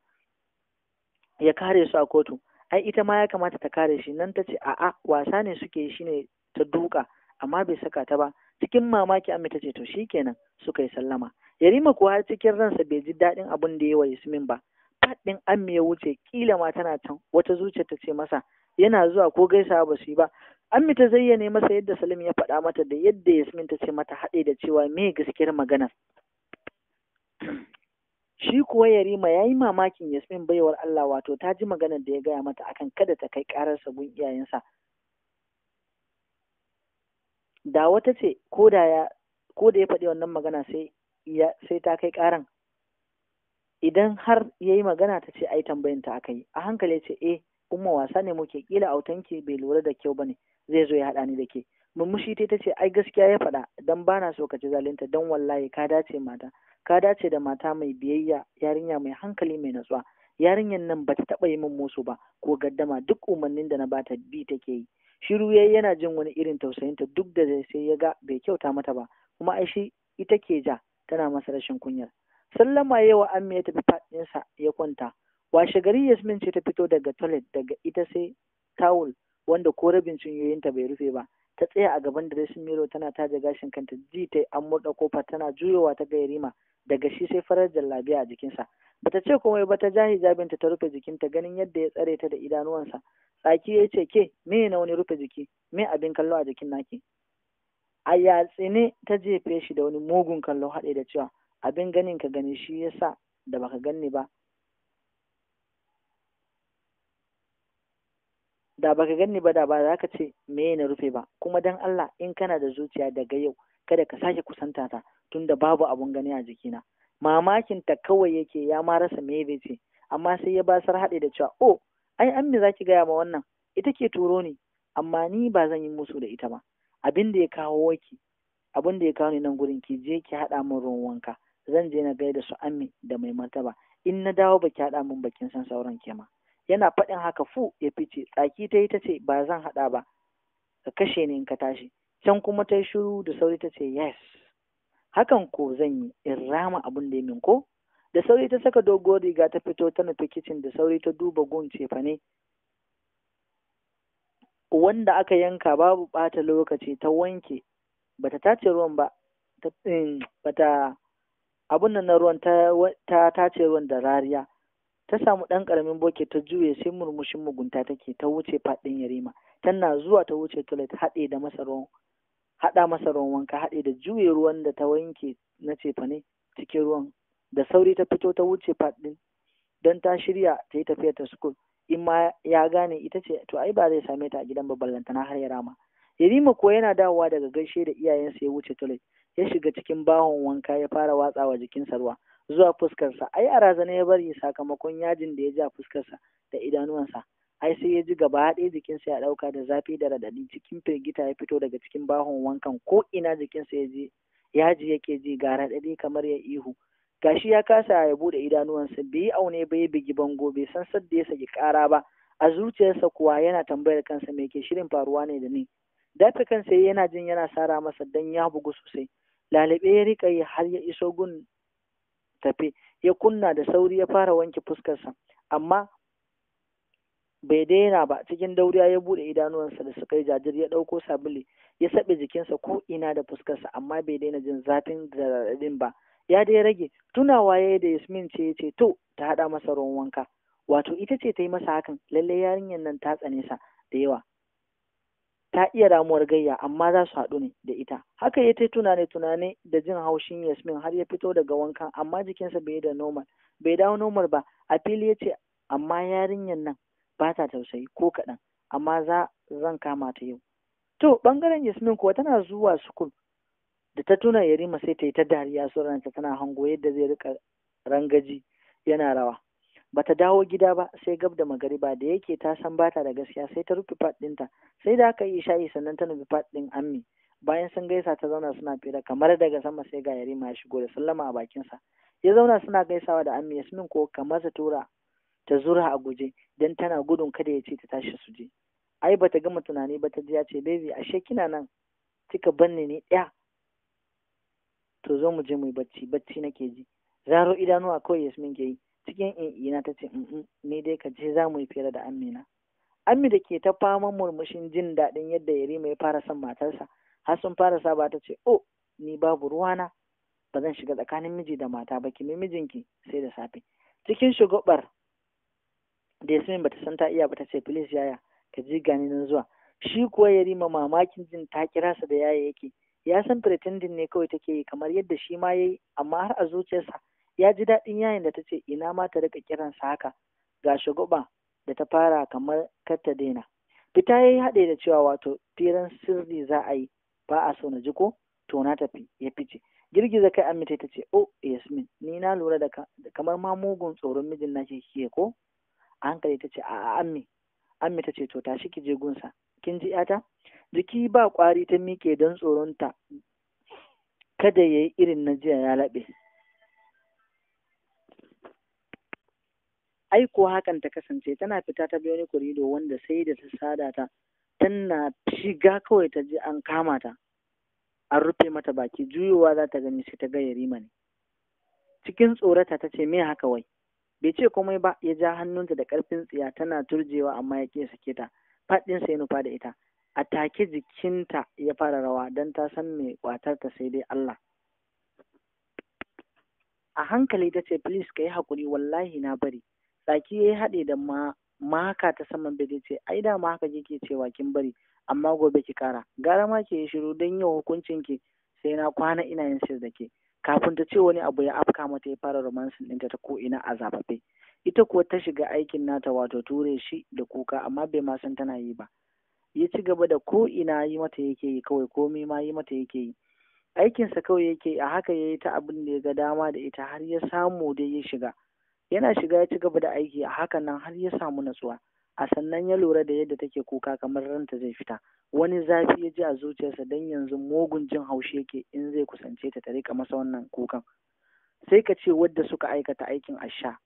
ya kare su a kotu ai ita ma ya kamata ta kare shi nan ta ce a'a wasa ne suke shine ta duka amma bai saka ta ba cikin mamaki amma ta ce to shikenan suka yi sallama yarima kuwa cikin ransa bai ji daɗin abun da ya wa yasmin ba faɗin amma ya wuce kila ma tana can wata zuciya ta ce masa yana zuwa ko gaisawa ba su yi ba amma ta zayyane masa yadda salim ya faɗa mata da yadda yasmin ta ce mata haɗe da cewa me gaskiyar magana shi kuwa yarima ya yi mamakin yasmin baiwar allah wato ta ji maganar da ya gaya mata akan kada ta kai ƙararsa gun iyayensa da wata ce ko da ya ko da ya faɗi wannan magana sai ya sai ta kai ƙaran idan har ya yi magana ta ce ai tambayin ta aka yi a hankali ce eh umma wasa ne muke kila autanki bai lura da kyau bane zai zo ya haɗa ni da ke mummushi ta ce ai gaskiya ya faɗa dan bana so ka ci zalunta dan wallahi ka dace mata ka dace da mata mai biyayya yarinya mai hankali mai natsuwa yarinyar nan ba ta taɓa yi min musu ba ko gaddama duk umarnin da na bata bi take yi shiru yayi yana jin wani irin tausayinta duk da sai ya ga bai kyauta mata ba kuma ai shi ita ke ja tana masa rashin kunyar sallama yawa wa amma ya tafi sa ya kwanta washe gari yasmin ce ta fito daga toilet daga ita sai tawul wanda ko rabin cinyoyinta bai rufe ba ta tsaya a gaban direshin miro tana taje gashin kanta ji ta an murɗa kofa tana juyowa ta ga yarima daga shi sai farar jallabiya a jikinsa bata ce komai ba ta ja hijabinta ta rufe jikinta ganin yadda ya tsare ta da idanuwansa tsaki ya ce ke me na wani rufe jiki me abin kallo a jikin naki a yatsine ta jefe shi da wani mugun kallo haɗe da cewa abin ganin ka gani shi yasa da baka ganni ba da baka ganni ba da ba za ka ce me na rufe ba kuma dan Allah in kana da zuciya daga yau kada ka sake kusanta ta tunda babu abun gani a jikina mamakin ta kawai yake ya ma rasa me bai ce amma sai ya basar haɗe da cewa o oh, ai an me zaki gaya ma wannan ita ke turo ni amma ni ba zan yi musu da ita ba abin da ya kawo waki abin da ya kawo ni nan gurin ki je ki haɗa min ruwan wanka zan je na gaida su ammi da mai martaba in na dawo baki haɗa min bakin san sauran ke ma yana faɗin haka fu ya fice tsaki ta yi ta ce ba zan haɗa ba ka kashe ni in ka tashi can kuma ta yi shiru da sauri ta ce yes hakan ko zan yi in rama abin da ya min ko da sauri ta saka dogon riga ta fito ta nufi kicin da sauri ta duba gun cefa ne wanda aka yanka babu ɓata lokaci ta wanke bata tace ruwan ba mm, bata abin nan na ruwan ta tace ruwan da rariya ta samu ɗan ƙaramin boke ta juye sai murmushin mugunta take ta wuce faɗin yarima tana zuwa ta wuce toilet haɗe da masa haɗa masa ruwan wanka haɗe da juye ruwan da ta wanke na cefane cikin ruwan da sauri ta fito ta wuce faɗin don ta shirya ta yi tafiyar ta sukul in ma ya gane ita ce to ai ba zai same ta a gidan na har ya rama yarima ko yana dawowa daga gaishe da iyayensa ya wuce toilet ya shiga cikin bahon wanka ya fara watsawa jikinsa ruwa zuwa fuskarsa ai a razana ya bari sakamakon yajin da ya ja fuskarsa da idanuwansa ai sai ya ji gaba ɗaya jikinsa ya ɗauka da zafi da radadi cikin firgita ya fito daga cikin bahon wankan ko ina jikinsa ya ji yaji yake ji ga raɗaɗi kamar ya ihu gashi ya kasa ya buɗe idanuwansa bai yi aune bai bigi bango bai san sadda ya saki ƙara ba a zuciyarsa kuwa yana tambayar kansa me ke shirin faruwa ne da ni dafe kansa yana jin yana sara masa dan ya bugu sosai lalabe ya rika yi har ya iso gun tafe ya kunna da sauri ya fara wanke fuskarsa amma bai daina ba cikin dauriya ya bude idanuwansa da suka yi jajir ya ɗauko sabili ya saɓe jikinsa ko ina da fuskarsa amma bai daina jin zafin da ba ya dai rage tunawa ya da yasmin ce ya ce to ta haɗa masa ruwan wanka wato ita ce ta yi masa hakan lallai yarinyar nan ta tsane sa da yawa ta iya ramuwar gayya amma za su haɗu ne da ita haka ya ta tunane tunane da jin haushin yasmin har ya fito daga wankan amma jikinsa bai da normal bai dawo normal ba a fili ya ce amma yarinyar nan ba ta tausayi ko kaɗan amma za zan kama ta yau to ɓangaren yasmin kuwa tana zuwa sukul da ta tuna yarima sai ta yi ta dariya suranta tana hango yadda zai rika rangaji yana rawa bata dawo gida ba sai gab da Ba da yake ta san bata da gaskiya sai ta rufe fat ɗinta sai da aka yi shayi sannan ta nufi fat ɗin ammi bayan sun gaisa ta zauna suna fira kamar daga sama sai ga yarima ya shigo da sallama a bakinsa ya zauna suna gaisawa da ammi yasmin ko kamar ta tura ta zura a guje dan tana gudun kada ya ce ta tashi su je ai bata gama tunani ba ta ji ya ce baby ashe kina nan kika banne ni ɗaya to zo mu je mu yi bacci bacci nake ji zaro idanuwa kawai yasmin ke yi cikin ina ta ce mm, mm, ni dai ka je za mu yi fira da amina ammi da ke ta fama murmushin jin daɗin yadda yarima ya fara son matarsa har sun fara saba ta ce oh ni babu ruwana ba zan shiga tsakanin miji da mata ba ki mijinki sai da safe cikin shugabar da yasmin bata san ta iya ba ta ce please yaya ka ji gani nan zuwa shi kuwa yarima mamakin jin ta kira sa da yaya yake ya san pretending ne kawai take yi kamar yadda shi ma yayi amma har a zuciyarsa ya ji daɗin yayin da ta ce ina ma ta rika kiransa haka ga shugaba da ta fara kamar kar daina fita ya yi haɗe da cewa wato firan sirri za a yi ba a so na ji ko to na tafi ya fice girgiza kai amita ta ce oh yasmin ni na lura da kamar ma mugun tsoron mijin na ke ko a hankali ta ce a'a ammi ammi ta ce to tashi ki je gunsa kin ji yata jiki ba kwari ta mike don tsoronta kada ya yi irin na jiya ya laɓe ai ko hakan ta kasance tana fita ta biyo ni korido wanda sai da ta sada ta tana shiga kawai ta ji an kama ta an rufe mata baki juyowa za ta gani sai ta ga yarima ne cikin tsorata ta ce me haka wai bai ce komai ba ya ja hannunta da karfin tsiya tana turjewa amma ya ƙi sake ta faɗinsa ya nufa da ita a take jikinta ya fara rawa don ta san mai ta sai dai Allah a hankali ta ce please ka yi haƙuri wallahi na bari tsaki ya yi haɗe da ma maka ta saman bai ce ai da ma haka kike cewa kin bari amma gobe ki kara gara ma ki yi shiru don yau hukuncin ki sai na kwana ina yin sir da ke kafin ta ce wani abu ya afka mata ya fara romansin ɗinta ta ko ina a zababe ita kuwa ta shiga aikin nata wato ture shi da kuka amma bai ma san tana yi ba ya ci gaba da ko ina yi mata yake yi kawai komai ma yi mata yake yi aikinsa kawai yake a haka ya yi ta abin da ya ga dama da ita har ya samu dai ya shiga yana shiga ya ci gaba da aiki a hakan nan har ya samu natsuwa a sannan ya lura da yadda take kuka kamar ranta zai fita wani zafi ya ji a zuciyarsa don yanzu mugun jin haushi yake in zai kusance ta ta ka masa wannan kukan sai ka ce wadda suka aikata aikin asha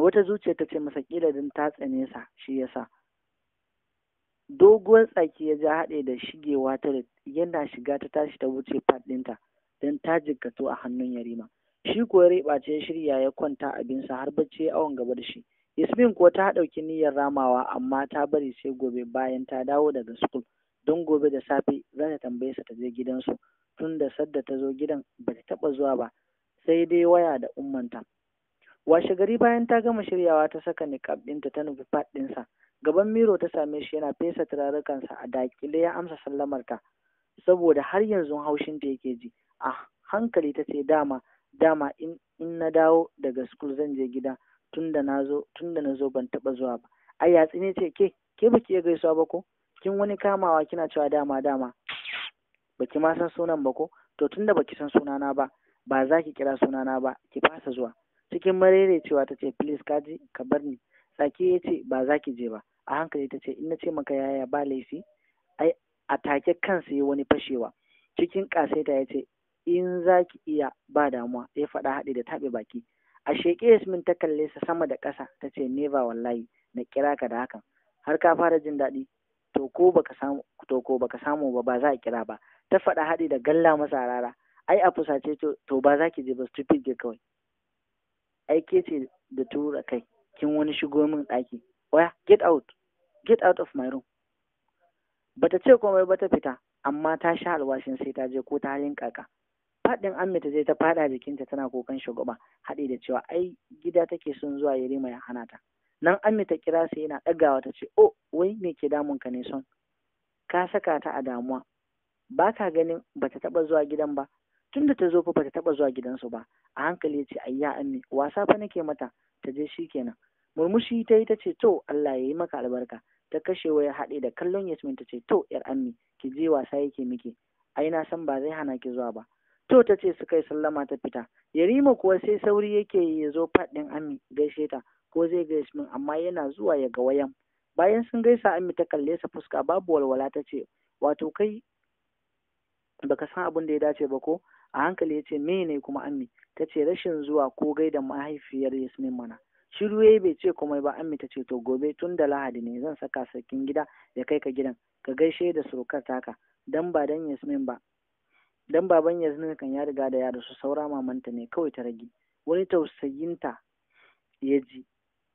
wata zuciya ta ce masa kila din ta tsane sa shi yasa doguwar tsaki ya ja haɗe da shigewa ta yana shiga ta tashi ta wuce fat ɗinta don ta jikkatu a hannun yarima Shi kuwa Reɓace ya shirya ya kwanta abinsa har bacci ya awon gaba da shi. Yasmin kuwa ta ɗauki niyyar ramawa amma ta bari sai gobe bayan ta dawo daga sukul don gobe da safe za ta tambaye sa ta je gidansu tun da sadda ta zo gidan ba ta taɓa zuwa ba sai dai waya da ummanta. Washe gari bayan ta gama shiryawa ta saka niƙab ɗinta ta nufi fat ɗinsa. Gaban miro ta same shi yana fesa turarukansa a dakile ya amsa sallamar sallamarta saboda har yanzu haushin ta yake ji. A hankali ta ce dama dama in in na dawo daga school zan je gida tunda na zo tunda na zo ban taba zuwa ba ai ya ne ce ke ke baki iya gaisuwa ba ko kin wani kamawa kina cewa dama dama baki ma san sunan ba ko to tunda baki san sunana ba ba za ki kira sunana ba ki fasa zuwa cikin marere cewa ta ce please kaji ka bar ni tsaki ya ce ba za ki je ba a hankali ta ce in na ce maka yaya ba laifi ai a take kansa ya wani fashewa cikin kasaita ya ce in za ki iya ba damuwa ya faɗa haɗi da taɓe baki a sheƙe yasmin ta kalle sa sama da ƙasa ta ce neva wallahi na kira ka da hakan har ka fara jin daɗi to ko baka samu to ko baka samu ba ba za a kira ba ta faɗa haɗi da galla masa rara ai a fusace to ba za ki je ba stupid ke kawai ai ke ce da tura kai kin wani shigo min ɗaki waya get out get out of my room bata ce komai ba ta fita amma ta sha alwashin sai ta je ko ta halin kaka faɗin amita zai ta faɗa jikinta tana kokan shugaba haɗe da cewa ai gida take son zuwa yarima ya hana ta nan amita kira sai yana ɗagawa ta ce oh wai me ke damun ka ne son ka saka ta a damuwa ba ka ganin bata taɓa zuwa gidan ba tunda ta zo fa bata taɓa zuwa gidansu ba a hankali ya ce ayya ammi wasa fa nake mata ta je shi kenan murmushi ta yi ta ce to Allah ya yi maka albarka ta kashe waya haɗe da kallon Yasmin ta ce to yar ammi ki je wasa yake miki ai na san ba zai hana ki zuwa ba to ta ce suka yi sallama ta fita yarima kuwa sai sauri yake ya zo faɗin ami gaishe ta ko zai gaishe min amma yana zuwa ya ga wayan bayan sun gaisa ami ta kalle sa fuska babu walwala ta ce wato kai baka san abin da ya dace ba ko a hankali ya ce mene kuma ami ta ce rashin zuwa ko gaida mahaifiyar yasmin mana shiru yayi bai ce komai ba ami ta ce to gobe tun da lahadi ne zan saka sarkin gida ya kai ka gidan ka gaishe da surukar taka dan ba dan yasmin ba dan baban ne kan ya riga da ya rasu saura mamanta ne kawai ta rage wani tausayinta ya ji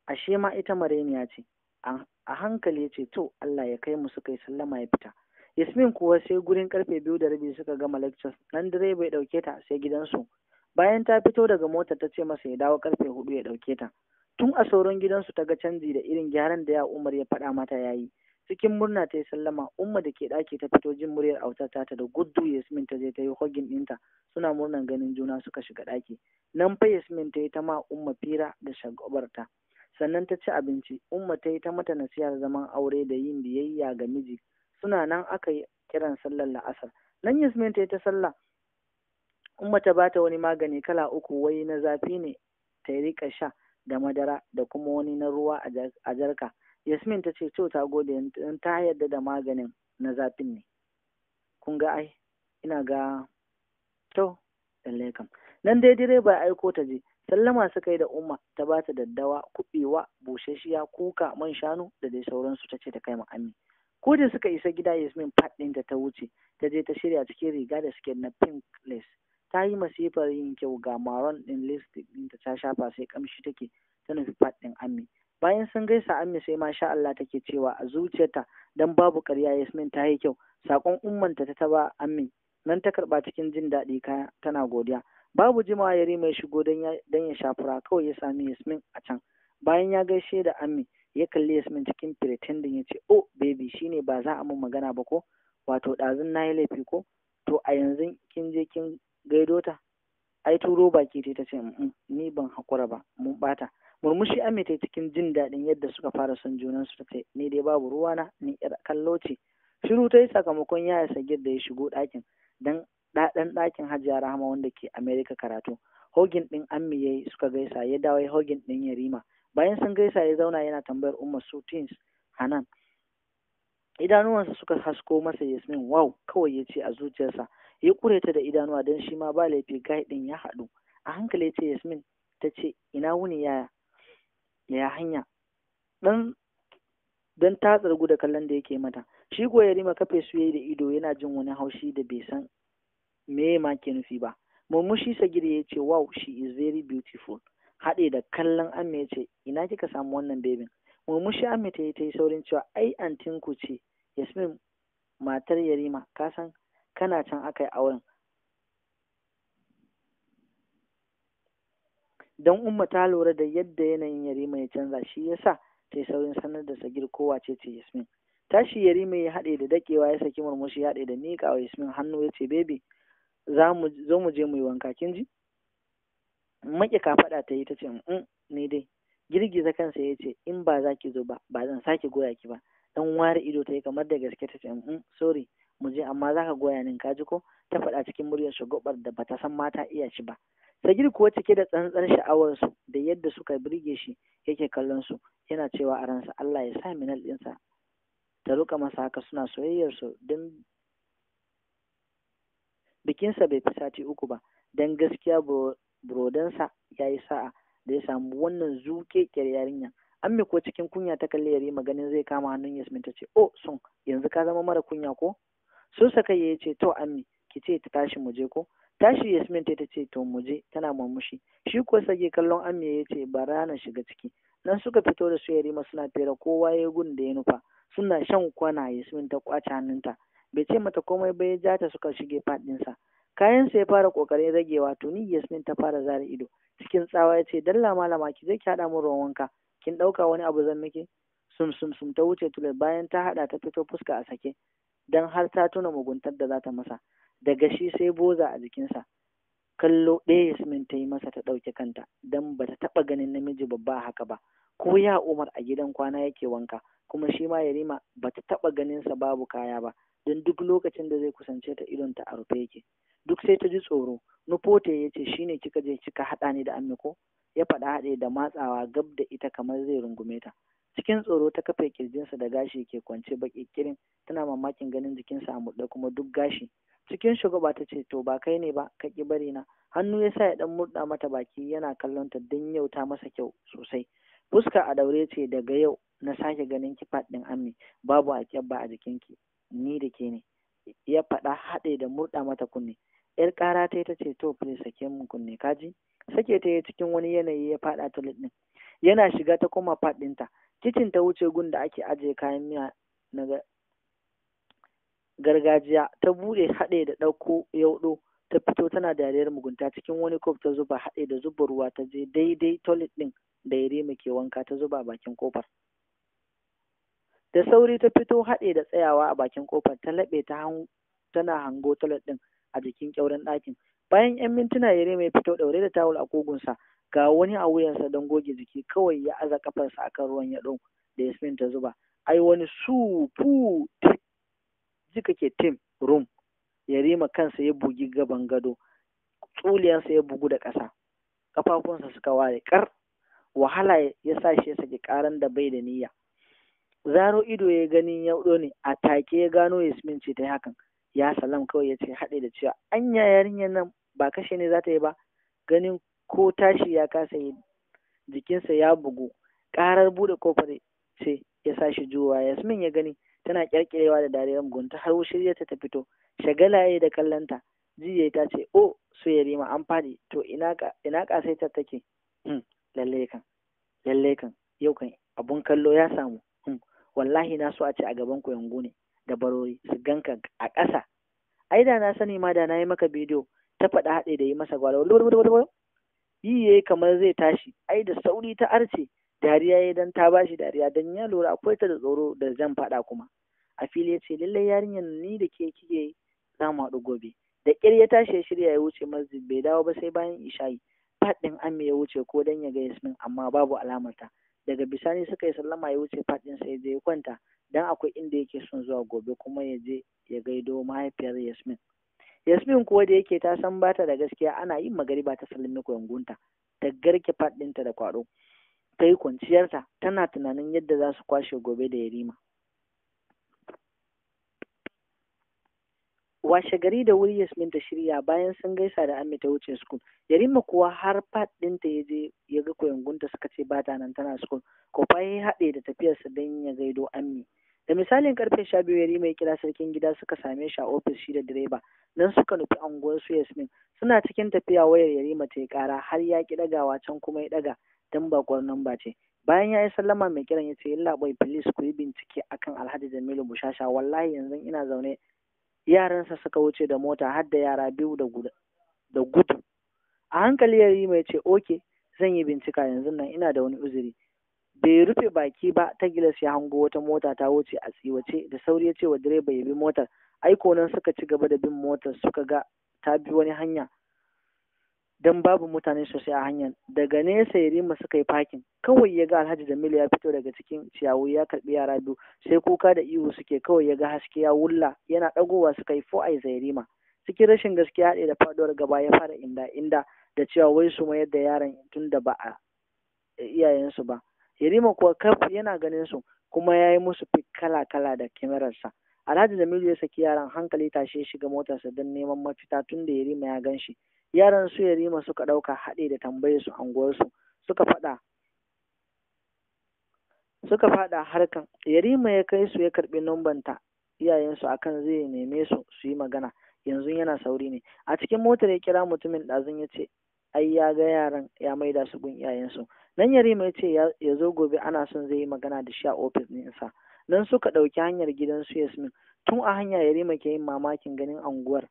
ashe ma ita mareniya ce a hankali ya ce to Allah ya kai mu suka yi sallama ya fita Yasmin kuwa sai gurin karfe biyu da rabi suka gama lectures nan direba ya dauke ta sai gidansu bayan ta fito daga motar ta ce masa ya dawo karfe hudu ya dauke ta tun a sauran gidansu ta ga canji da irin gyaran da ya Umar ya faɗa mata yayi cikin murna ta yi sallama umma da ke ɗaki ta fito jin muryar auta ta da guddu yasmin ta je ta yi hogin ɗinta suna murnan ganin juna suka shiga ɗaki nan fa yasmin ta yi ta ma umma fira da shagabarta sannan ta ci abinci umma ta yi ta mata nasiyar zaman aure da yin biyayya ga miji suna nan aka yi kiran sallar la'asar nan yasmin ta yi ta sallah umma ta bata wani magani kala uku wai na zafi ne ta riƙa sha da madara da kuma wani na ruwa a jarka yasmin ta ce to ta gode in ta yarda da maganin na zafin ne kun ga ai ina ga to dalekam nan dai direba aiko ta je sallama suka yi da umma ta ba ta daddawa kuɓewa busasshiya kuka man shanu da dai sauransu ta ce ta kai ma'ami ko da suka isa gida yasmin faɗinta ta wuce ta je ta shirya cikin riga da suke na pink lace ta yi masifar yin kyau ga maron ɗin lipstick ɗinta ta shafa sai kamshi take ta nufi faɗin ami bayan sun gaisa ammi sai masha Allah take cewa a zuciyarta dan babu ƙarya Yasmin ta yi kyau sakon ummanta ta taba ammi nan ta karba cikin jin daɗi tana godiya babu jimawa yari mai shigo dan ya shafura kawai ya sami Yasmin a can bayan ya gaishe da ammi ya kalli Yasmin cikin pretending ya ce oh baby shine ba za a mun magana ba ko wato ɗazun na yi laifi ko to a yanzu kin je kin gaido ta ai turo baki ta ta ce ni ban hakura ba mun bata murmushi ame ta cikin jin daɗin yadda suka fara son junansu ta ne dai babu ruwana ni ƴar kallo ce shiru ta yi sakamakon yaya sagir da ya shigo ɗakin dan ɗaɗan ɗakin hajiya rahama wanda ke amerika karatu hogin ɗin ammi yayi suka gaisa ya dawo hogin ɗin yarima bayan sun gaisa ya zauna yana tambayar umma su teens hanan idanuwansa suka hasko masa yasmin wow kawai ya ce a zuciyarsa ya kure ta da idanuwa don shi ma ba laifi gai ɗin ya haɗu a hankali ya ce yasmin ta ce ina wuni yaya ya hanya dan dan ta tsargu da kallon da yake mata shi ko ya rima kafe su yayi da ido yana jin wani haushi da bai san me ma ke nufi ba murmushi sagiri ya ce wow she is very beautiful haɗe da kallon amma ya ce ina kika samu wannan bebin murmushi amma ta yi ta yi saurin cewa ai antinku ce yasmin matar yarima ka san kana can aka yi auren don umma ta lura da yadda yanayin yarima ya canza shi yasa ta yi saurin sanar da sagir kowa ce ce yasmin tashi yarima ya haɗe da daƙewa ya saki murmushi ya haɗe da miƙa wa yasmin hannu ya ce bebi zo mu je mu yi wanka kin ji maƙi ka faɗa ta yi ta ce ni dai girgiza kansa ya ce in ba za ki zo ba ba zan sake goya ki ba dan ware ido ta yi kamar da gaske ta ce mm sorry mu je amma za ka goya nin kaji ko ta faɗa cikin muryar shagobar da bata san mata iya shi ba sagir kuwa cike da tsantsar su da yadda suka birge shi yake kallon su yana cewa a ransa Allah ya sa minal ɗinsa ta ruka masa haka suna soyayyarsu don bikinsa bai fi sati uku ba dan gaskiya burodinsa ya yi sa'a da ya samu wannan zuƙeƙiyar yarinya an ko cikin kunya ta kalli yare maganin zai kama hannun yasmin ta ce oh sun yanzu ka zama mara kunya ko sun saka ya ce to ammi ki ce ta tashi mu je ko tashi yasmin ta ce to muje, tana murmushi shi ko sage kallon amiya ya ce bara na shiga ciki nan suka fito da su yarima suna fere kowa ya gun da ya nufa suna shan kwana yasmin ta kwace hannunta bai ce mata komai ba ya ja ta suka shige faɗinsa kayan sa ya fara kokarin ragewa tuni yasmin ta fara zara ido cikin tsawa ya ce dalla malama ki je ki haɗa min ruwan wanka kin ɗauka wani abu zan miki sum sum sum ta wuce tulai bayan ta haɗa ta fito fuska a sake dan har ta tuna muguntar da za ta masa daga shi sai boza a jikinsa kallo ɗaya yasmin ta yi masa ta ɗauki kanta don ba ta taɓa ganin namiji babba haka ba ko ya umar a gidan kwana yake wanka kuma shi ma yarima ba ta taɓa sa babu kaya ba don duk lokacin da zai kusance ta idon ta a rufe yake duk sai ta ji tsoro nufote ya ce ne kika je kika haɗa ni da amiko ya faɗa haɗe da matsawa gab da ita kamar zai rungume ta cikin tsoro ta kafe kirjinsa da gashi ke kwance baƙi kirin tana mamakin ganin jikinsa a muɗe kuma duk gashi cikin shugaba ta ce to ba kai ne ba ka ki bari na hannu ya sa ya dan murda mata baki yana kallon ta don yau ta masa kyau sosai fuska a daure ce daga yau na sake ganin ki faɗin ammi babu a kyabba a jikinki ni da ke ne ya faɗa haɗe da murda mata kunne yar ƙara ta ta ce to please sake mun kunne kaji sake ta cikin wani yanayi ya faɗa toilet din yana shiga ta koma faɗinta kicin ta wuce gun da ake ajiye kayan miya gargajiya ta bude haɗe da ɗauko yauɗo ta fito tana dariyar mugunta cikin wani kof ta zuba haɗe da zuba ruwa ta je daidai toilet ɗin da Yarima ke wanka ta zuba a bakin kofar. Da sauri ta fito haɗe da tsayawa a bakin kofar ta laɓe ta tana hango toilet ɗin a jikin ƙyauren ɗakin. Bayan 'yan mintuna Yarima ya fito ɗaure da tawul a kogunsa ga wani a wuyansa don goge jiki kawai ya aza kafarsa akan ruwan yaɗo da Yasmin ta zuba. Ai wani su fu tik ji kake tim rum ya rima kansa ya bugi gaban gado tsuliyansa ya bugu da ƙasa ƙafafunsa suka ware ƙar wahala ya sa shi ya saki ƙaran da bai da niyya zaro ido ya gani ya ne a take ya gano yasmin ce ta hakan ya salam kawai ya ce haɗe da cewa anya yarinyar nan ba kashe ne za ta yi ba ganin ko tashi ya kasa yi jikinsa ya bugu ƙarar buɗe kofar ce ya sa shi juwa yasmin ya gani tana kyarkirewa da dariyar mugunta har shirya ta fito shagalaye da kallanta jiya ta ce o oh, su ya rima an faɗi to ina kasai ta take hmm, lalle kan yau kan abun kallo ya samu hmm, wallahi na so a ce a gaban ku yango ne da barori su ganka a ƙasa ai da na sani ma da na yi maka bidiyo ta faɗa haɗe da yi masa gwalo yi yayi kamar zai tashi ai da sauri ta arce dariya ya dan ta bashi dariya dan ya lura akwai ta da tsoro da zan faɗa kuma a fili ya ce lallai yarinyar ni da ke kike za mu haɗu gobe da kyar ya tashi ya shirya ya wuce masjid bai dawo ba sai bayan isha'i faɗin amme ya wuce ko dan ya ga yasmin amma babu alamarta daga bisani suka yi sallama ya wuce faɗin sai je ya kwanta dan akwai inda yake son zuwa gobe kuma ya je ya gaido mahaifiyar yasmin yasmin kuwa da yake ta san bata da gaskiya ana yin magariba ta sallami gunta ta garke faɗinta da kwaɗo ta yi kwanciyarta tana tunanin yadda za su kwashe gobe da yarima washe gari da wuri yasmin ta shirya bayan sun gaisa da ami ta wuce school yarima kuwa har faɗinta ɗinta ya je ya ga koyangunta suka ce ba ta nan tana school kofa ya haɗe da tafiyarsa don ya gaido ammi da misalin karfe sha biyu yarima ya kira sarkin gida suka same shi a ofis shi da direba nan suka nufi anguwar su yasmin suna cikin tafiya wayar yarima ta yi ƙara har ya ki ɗagawa can kuma ya ɗaga don nan ba ce bayan ya yi sallama mai kiran ya ce yalla boy filis ku yi bincike akan alhaji jamilu bushasha wallahi yanzu ina zaune yaransa suka wuce da mota har da yara biyu da gudu a hankali ya yi mai ce oke zan yi bincika yanzu nan ina da wani uzuri bai rufe baki ba ta gilas ya hango wata mota ta wuce a tsiwace da sauri ya ce wa direba ya bi motar aiko nan suka ci gaba da bin motar suka ga ta bi wani hanya don babu mutane sosai a hanyar daga nesa yarima suka yi fakin kawai ya ga alhaji jamilu ya fito daga cikin ciyawu ya karbi yara biyu sai kuka da ihu suke kawai ya ga haske ya wulla yana dagowa suka yi fo'ai za yarima cikin rashin gaskiya haɗe da faɗuwar gaba ya fara inda inda da cewa wai su mayar da yaran tun da ba a eh, iyayensu ba yarima kuwa kaf yana ganin su kuma ya yi musu fik kala kala da kyamararsa alhaji jamilu ya saki yaran hankali tashe shiga motarsa don neman mafita tun da yarima ya gan shi yaran su yarima suka ɗauka haɗe da tambaye su anguwarsu suka faɗa suka faɗa harkan yarima ya kai su ya karɓi numbanta iyayensu akan zai neme su su yi magana yanzu yana sauri ne a cikin motar ya kira mutumin ɗazun ya ce ai ya ga yaran ya maida su gun iyayensu nan yarima ya ce ya zo gobe ana son zai yi magana da shi a ofis ɗinsa nan suka ɗauki hanyar gidan su yasmin tun a hanya yarima ke yin mamakin ganin anguwar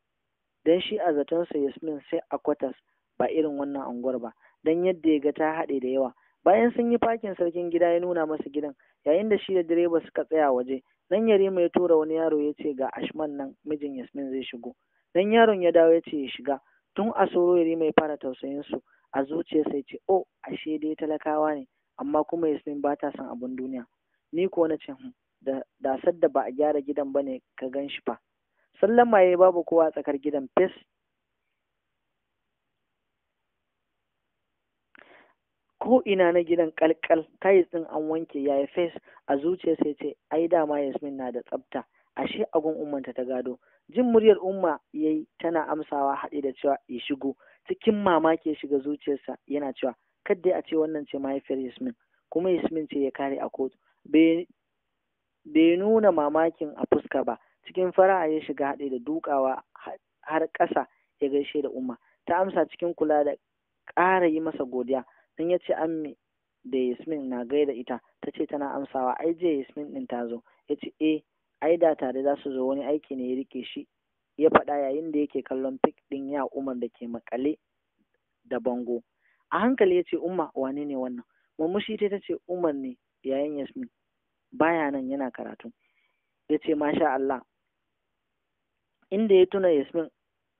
don shi a zatonsa Yasmin sai a kwatas ba irin wannan anguwar ba don yadda ya ga ta haɗe da yawa bayan sun yi fakin sarkin gida ya nuna masa gidan yayin da shi da direba suka tsaya waje nan yarima ya tura wani yaro ya ce ga ashman nan mijin yasmin zai shigo nan yaron ya dawo ya ce ya shiga tun a soro yarima ya fara tausayin su a zuciya sai ce o ashe dai talakawa ne amma kuma yasmin ba ta son abin duniya ni ko na ce hmm, da da ba a gyara gidan ba ne ka gan shi fa sallama ya babu kowa a tsakar gidan fes ko ina na gidan kalkal tayi tsin an wanke ya yi fes a zuciya sai ce ai dama yasmin na da tsafta ashe agun ummanta ta gado jin muryar umma yayi tana amsawa haɗe da cewa ya shigo cikin mamaki ya shiga zuciyarsa yana cewa kadda a ce wannan ce mahaifiyar yasmin kuma yasmin ce ya kare a kotu bai nuna mamakin a fuska ba cikin fara'a ya shiga haɗe da dukawa har ƙasa ya gaishe da umma ta amsa cikin kula da ƙara yi masa godiya Sun ya ce amme da yasmin na gaida ita ta ce tana amsawa ai je yasmin ɗin ta zo ya ce e, ai da tare za su zo wani aiki ne ya rike shi ya faɗa yayin da yake kallon fik ɗin ya umar da ke makale da bango a hankali ya ce umma wane ne wannan Mamushi ta ce umar ne yayin yasmin baya nan yana karatu ya ce masha Allah inda ya tuna yasmin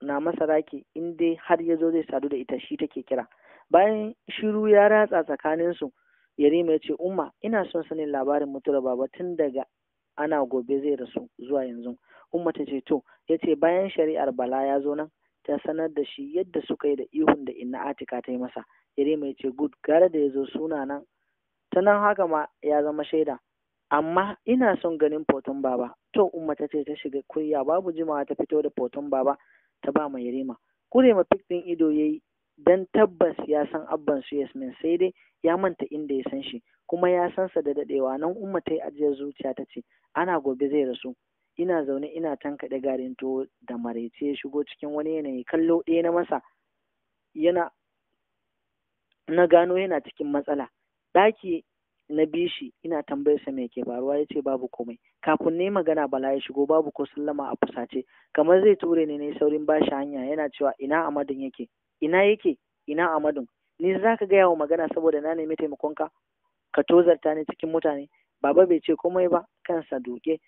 na masa raki in har ya zo zai sadu da ita shi take kira bayan shiru ya ratsa tsakanin su yarima ya ce umma ina son sanin labarin mutuwar baba tun daga ana gobe zai rasu zuwa yanzu umma ta ce to ya ce bayan shari'ar bala ya zo nan ta sanar da shi yadda suka yi da ihun da inna atika ta yi masa yarima ya ce gud gara da ya zo suna nan ta nan haka ma ya zama shaida amma ina son ganin foton baba to umma ta ce ta shiga kurya babu jimawa ta fito da foton baba ta ba mai rima Kure fik ɗin ido yayi dan tabbas ya san abban su yasmin sai dai ya manta inda ya san shi kuma ya san sa da dadewa nan umma ta yi ajiyar zuciya ta ce ana gobe zai rasu ina zaune ina tankaɗe garin to da maraice ya shigo cikin wani yanayi kallo ɗaya na masa yana na gano yana cikin matsala ɗaki na bi shi ina tambayar sa me ke faruwa ya ce babu komai kafin ne magana bala ya shigo babu ko sallama a fusace kamar zai ture ni ne saurin bashi hanya yana cewa ina amadun yake ina yake ina amadun ni za ka gaya wa magana saboda na nemi taimakon ka tozarta ni cikin mutane baba bai ce komai ba kansa doke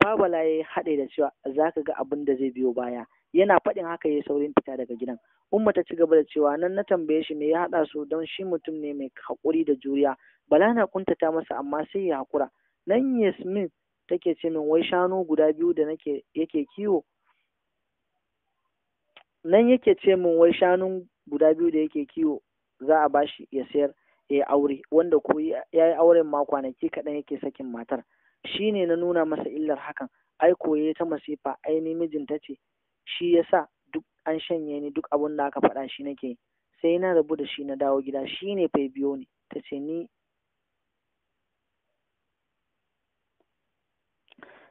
fa bala ya haɗe da cewa za ka ga abin da zai biyo baya yana faɗin haka ya saurin fita daga gidan Umma ta ci gaba da cewa nan na tambaye shi me ya haɗa su don shi mutum ne mai haƙuri da juriya. Bala na kuntata masa amma sai ya haƙura. Nan Yasmin take ce min wai shanu guda biyu da nake yake kiwo. Nan yake ce min wai shanu guda biyu da yake kiwo za a bashi ya sayar ya yi aure wanda ko ya yi auren ma kwanaki kaɗan yake sakin matar. Shi ne na nuna masa illar hakan. Ai koye ta masifa ai ni mijinta ce shi yasa duk an shanye ni duk abin da aka faɗa shi nake sai na rabu da shi na dawo gida shi ne fai biyo ni ta ce ni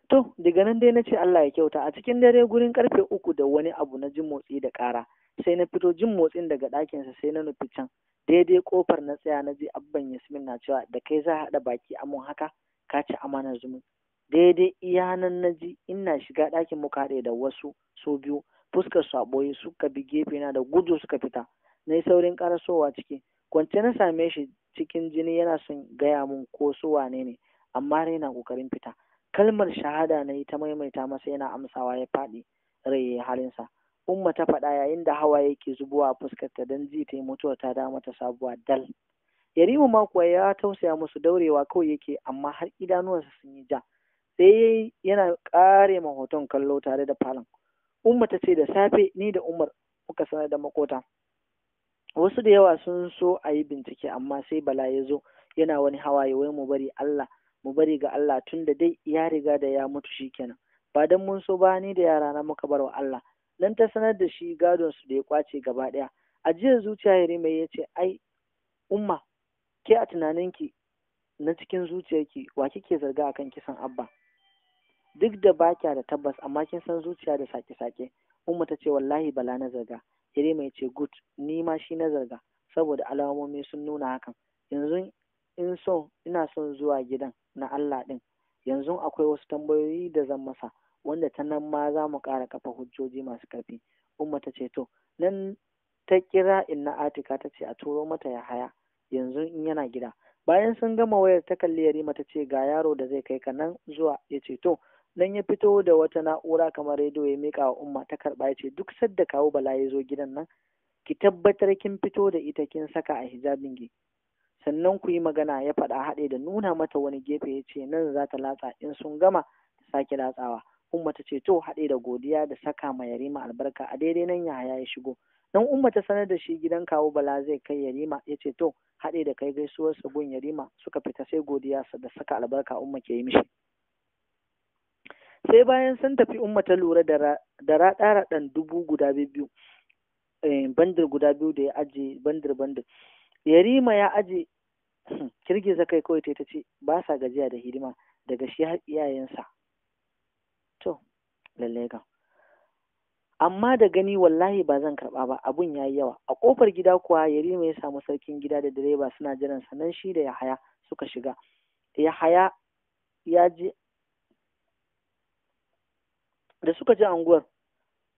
to daga nan dai na ce Allah ya kyauta a cikin dare gurin karfe uku da wani abu na jin motsi da ƙara sai na fito jin motsin daga ɗakinsa sai na nufi can daidai kofar na tsaya na ji abban yasmin na cewa da kai za haɗa baki amon haka ka ci amanar zumun daidai iya nan na ji ina shiga ɗakin muka haɗe da wasu su biyu fuskar su a ɓoye suka bi gefe na da gudu suka fita na yi saurin karasowa ciki kwance na same shi cikin jini yana son gaya mun ko su wane ne amma rai na ƙoƙarin fita kalmar shahada na yi ta maimaita masa yana amsawa ya faɗi rai halinsa umma ta faɗa yayin da hawa yake zubowa a fuskarta don ji ta yi mutuwa ta dama ta sabuwa dal yarimu ma kuwa ya tausaya musu daurewa kawai yake amma har idanuwansa sun yi ja sai yana ƙare ma hoton kallo tare da falon umma ta ce da safe ni da umar muka sanar da makota wasu da yawa sun so a yi bincike amma sai bala ya zo yana wani hawa ya mu bari Allah mu bari ga Allah tun da dai ya riga da ya mutu shi kenan. ba don mun so ba ni da yara na muka bar wa Allah nan ta sanar da shi gadon su da ya kwace gaba daya ajiyar zuciya ya rime ya ce ai umma ke a tunaninki na cikin zuciyarki wa kike zarga akan kisan abba duk da ba kya da tabbas amma kin san zuciya da sake-sake umma ta ce wallahi bala na zarga Yarima mai ce good ni ma shi na zarga saboda alamomi sun nuna hakan yanzu in son ina son zuwa gidan na Allah din yanzu akwai wasu tambayoyi da zan masa wanda ta nan ma za mu ƙara kafa hujjoji masu ƙarfi umma ta ce to nan ta kira inna atika ta ce a turo mata ya haya yanzu in yana gida bayan sun gama wayar ta kalli yarima ta ce ga yaro da zai kai ka nan zuwa ya ce to nan ya fito da wata na'ura kamar rediyo ya mika wa umma ta karɓa ya ce duk sadda kawo bala ya zo gidan nan ki tabbatar kin fito da ita kin saka a hijabin ki sannan ku yi magana ya faɗa haɗe da nuna mata wani gefe ya ce nan za ta latsa in sun gama ta sake latsawa umma ta ce to haɗe da godiya da saka ma yarima albarka a daidai nan yahaya ya shigo nan umma ta sanar da shi gidan kawo bala zai kai yarima ya ce to haɗe da kai gaisuwar sabon yarima suka fita sai godiya da saka albarka umma ke yi mishi sai bayan sun tafi ummata lura da raɗara ɗan dubu guda biyu eh, bandir guda biyu da ya aje bandir bandir yarima ya aje kirgiza hmm, kai kawai ta ce ba sa gajiya da hidima daga shi har iyayensa to lallai ga amma da gani wallahi ba zan karɓa ba abun ya yi yawa a kofar gida kuwa yarima ya samu sarkin gida da direba suna jiran sannan shi da yahaya suka shiga haya ya ji da suka ji anguwar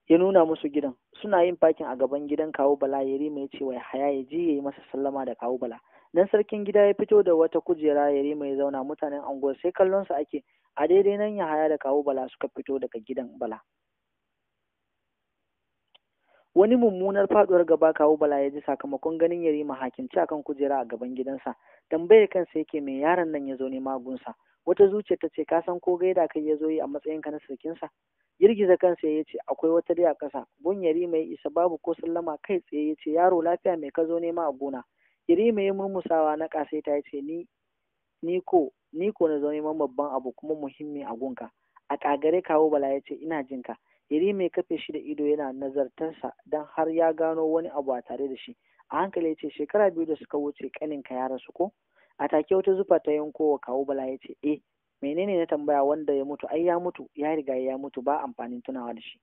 ya nuna musu gidan suna yin fakin a gaban gidan kawo bala ya rima ya ce wai haya ya ji ya yi masa sallama da kawo bala nan sarkin gida ya fito da wata kujera ya rima ya zauna mutanen anguwar sai kallon su ake a daidai nan ya haya da kawo bala suka fito daga gidan bala wani mummunar faduwar gaba kawo bala ya ji sakamakon ganin ya rima hakimci akan kujera a gaban gidansa tambayar kansa yake mai yaron nan ya zo ne magunsa wata zuciya ta ce ka san ko gaida kai ya zo yi a matsayin ka na sa girgiza kansa ya ce akwai wata dai a ƙasa bunyari mai isa babu ko sallama kai tsaye ya ce yaro lafiya mai ka zo nema a gona yari mai murmusawa na kasai ya ce ni ni ko ni ko na zo neman babban abu kuma muhimmi a gunka a kagare kawo bala ya ce ina jinka yari mai kafe shi da ido yana nazartarsa don har ya gano wani abu a tare da shi a hankali ya ce shekara biyu da suka wuce kaninka ya rasu ko a take wata zufa ta yanko wa kawo bala ya ce eh menene na tambaya wanda ya mutu ai ya mutu ya riga ya mutu ba amfanin tunawa da shi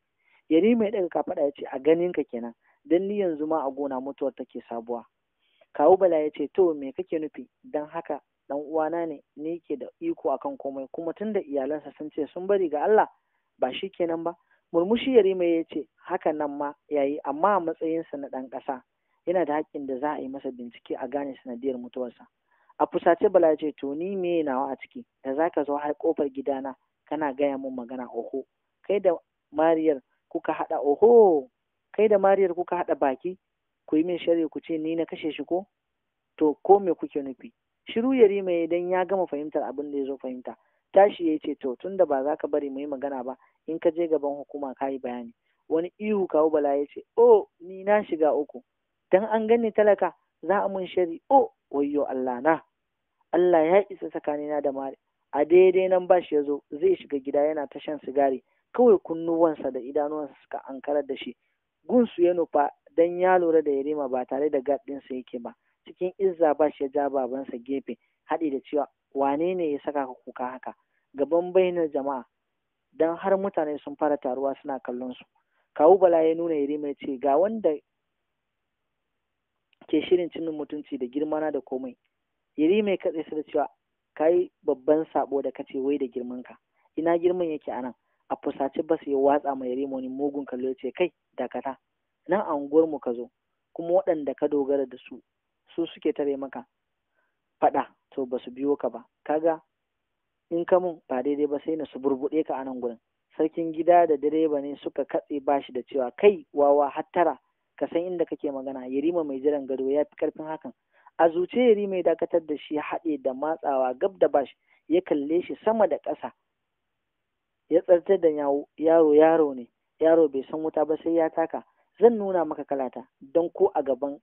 yari mai daga kafaɗa ya ce a ganin ka kenan dan ni yanzu ma a gona mutuwar take sabuwa kawo bala ya ce to me kake nufi dan haka dan uwana ne ni ke da iko akan komai kuma tun da iyalansa sun ce sun bari ga Allah ba shi kenan ba murmushi yarima ya ce haka nan ma yayi amma a matsayinsa na ɗan ƙasa yana da haƙƙin da za a yi masa bincike a gane sanadiyar mutuwarsa a fusace bala ce to ni me nawa a ciki da za ka zo har kofar gidana kana gaya mun magana oho kai da mariyar kuka haɗa oho kai da mariyar kuka haɗa baki ku yi min shari ku ce ni na kashe shi ko to ko me kuke nufi shiru yari mai idan ya gama fahimtar abin da ya zo fahimta tashi ya ce to tunda ba za ka bari mu yi magana ba in ka je gaban hukuma ka yi bayani wani ihu kawo bala ya ce o oh, ni na shiga uku dan an gani talaka za a mun shari o oh, wayyo Allah na Allah ya isa tsakanina da Mare. a daidai nan ba shi ya zo zai shiga gida yana ta shan sigari kawai kunnuwansa da idanuwansa suka ankarar da shi gunsu ya nufa dan ya lura da yarima ba tare da gaɗinsa yake ba cikin izza ba shi ya ja babansa gefe haɗi da cewa wane ne ya saka ka kuka haka gaban bayanin jama'a dan har mutane sun fara taruwa suna kallon su kawu bala ya nuna yarima ya ce ga wanda ke shirin cinin mutunci da girmana da komai Yarima mai katse su da cewa kai babban sabo da kace wai da girman ka ina girman yake anan a fusace su ya watsa ma yari wani mugun kallo ya ce kai dakata nan a unguwar mu ka zo kuma waɗanda ka dogara da su su suke tare maka faɗa to ba su biyo ka ba kaga in ka mun ba daidai ba sai na su burbuɗe ka anan gurin sarkin gida da direba ne suka katse bashi da cewa kai wawa hattara ka san inda kake magana yarima mai jiran gado ya fi karfin hakan a zuciyar mai dakatar da shi haɗe da matsawa gab da bash ya kalle shi sama da ƙasa ya tsartar da yaro yaro ne yaro bai san wuta ba sai ya taka zan nuna maka kalata don ko a gaban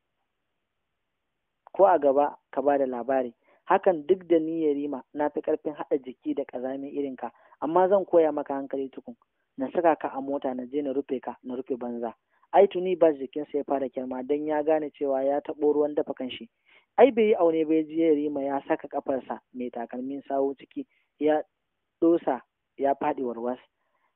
ko a gaba ka ba da labari hakan duk da niyyar rima na fi karfin haɗa jiki da ƙazamin ka, amma zan koya maka hankali tukun na saka ka a mota na je na rufe ka na rufe banza ai tuni ba jikinsa ya fara kirma don ya gane cewa ya taɓo ruwan dafa kanshi ai bai yi aune bai ji ya rima ya saka kafarsa mai takalmin sawo ciki ya dosa ya faɗi warwas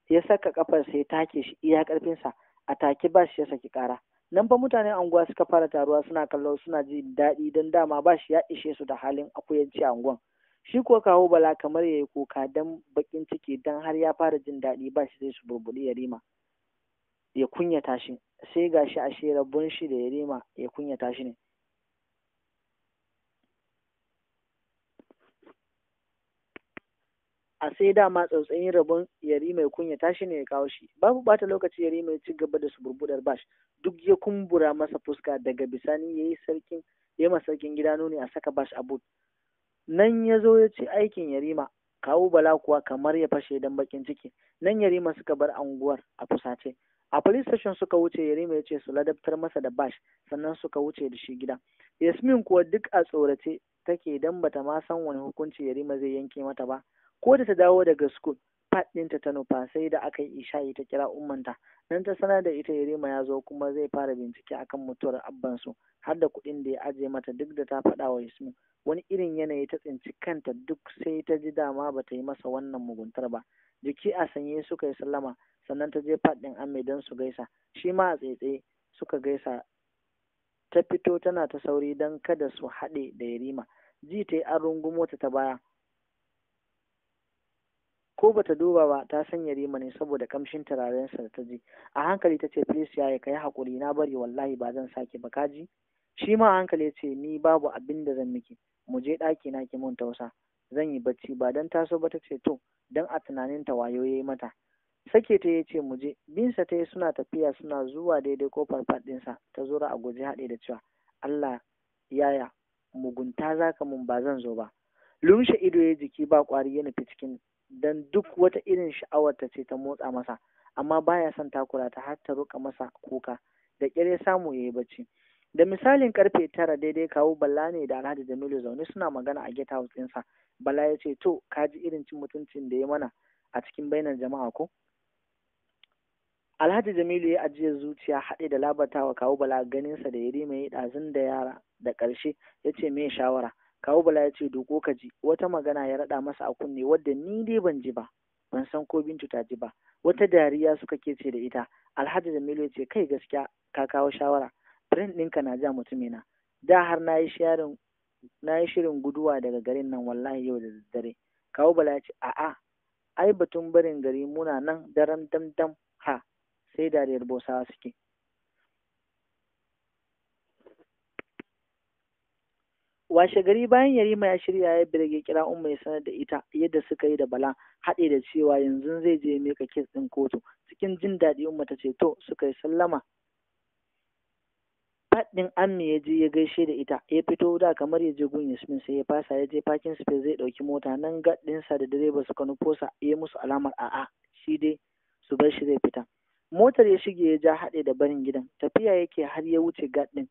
ya saka kafarsa ya take shi iya karfinsa a take ba shi ya saki kara nan fa mutanen anguwa suka fara taruwa suna kallo suna ji daɗi don dama ba shi ya ishe su da halin akuyanci a unguwa. shi ko kawo bala kamar ya yi kuka don bakin ciki don har ya fara jin daɗi ba shi zai su burbuɗi ya rima ya kunyata shi sai gashi ashe rabon shi da ya rima ya kunyata shi ne a sai dama tsautsayin rabon yari mai kunya tashi ne ya kawo shi babu bata lokaci yari mai ci gaba da suburbudar bash duk ya kumbura masa fuska daga bisani ya yi sarkin ya ma sarkin gida nuni a saka bash a but nan ya zo ya ci aikin yarima kawo bala kuwa kamar ya fashe dan bakin ciki nan yarima suka bar anguwar a fusace a police station suka wuce yarima ya ce su ladabtar masa da bash sannan suka wuce da shi gida yasmin kuwa duk a tsorace take dan bata ma san wani hukunci yarima zai yanke mata ba ko da ta dawo daga school pad ɗinta ta nufa sai da aka yi ishayi ta kira ummanta nan ta sanar da ita yarima ya zo kuma zai fara bincike akan mutuwar abbansu har da kuɗin da ya aje mata duk da ta faɗa wa yasmin wani irin yanayi ta tsinci kanta duk sai ta ji dama ba ta yi masa wannan muguntar ba jiki a sanye suka yi sallama sannan ta je pad ɗin amme don su gaisa shi ma a tsaitsaye suka gaisa ta fito tana ta sauri don kada su haɗe da yarima ji ta yi an rungumo ta ta baya ko bata duba ba ta sanya rima ne saboda kamshin turarensa da ta ji a hankali ta ce please yaya kai hakuri na bari wallahi ba zan sake ba kaji shi ma a hankali ya ce ni babu abin da zan miki mu je daki na ki mun tausa zan yi bacci ba dan taso ba ta ce to dan a tunanin ta wayo yayi mata sake ta yace mu je binsa ta suna tafiya suna zuwa daidai kofar sa ta zura a guje haɗe da cewa Allah yaya mugunta zaka mun ba zan zo ba lumshe ido ya jiki ba kwari ya nufi cikin dan duk wata irin sha'awar ta ce ta motsa masa amma baya son takura ta har ta ruka masa kuka da ƙyar ya samu ya yi bacci da misalin karfe tara daidai kawo bala ne da alhaji jamilu zaune suna magana a get hausinsa bala ya ce to ka ji irin cin mutuncin da ya mana a cikin bainar jama'a ko alhaji jamilu ya ajiye zuciya haɗe da labatawa kawo bala ganinsa da ya rima ya ɗazun da yara da ƙarshe ya ce mai shawara kawo bala ya ce doko ka ji wata magana ya raɗa masa a kunne wadda ni dai ban ji ba ban san ko bintu ta ji ba wata dariya suka ke ce da ita alhaji jamilu ya ce kai gaskiya ka kawo shawara print ɗinka na ja mutumina da har na yi na yi shirin guduwa daga garin nan wallahi yau da daddare kawo bala ya ce a'a ai batun barin gari muna nan daram dam dam ha sai dariyar bosawa suke washe gari bayan yarima ya shirya ya birge kira umma ya sanar da ita yadda suka yi da bala haɗe da cewa yanzu zai je mika kes ɗin kotu cikin jin daɗi umma ta ce to suka yi sallama faɗin ammi ya je ya gaishe da ita ya fito da kamar ya je gun yasmin sai ya fasa ya je parking space zai ɗauki mota nan gaɗinsa da direba suka sa ya musu alamar a'a shi dai su bar shi zai fita motar ya shige ya ja haɗe da barin gidan tafiya yake har ya wuce gaɗin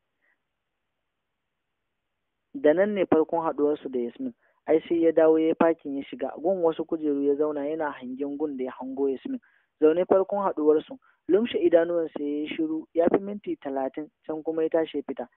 da nan ne farkon haɗuwarsu da yasmin ai sai ya dawo ya fakin ya shiga gun wasu kujeru ya zauna yana hangen gun da ya hango yasmin zaune farkon su lumshe sa ya shiru ya fi minti talatin can kuma ya tashi ya fita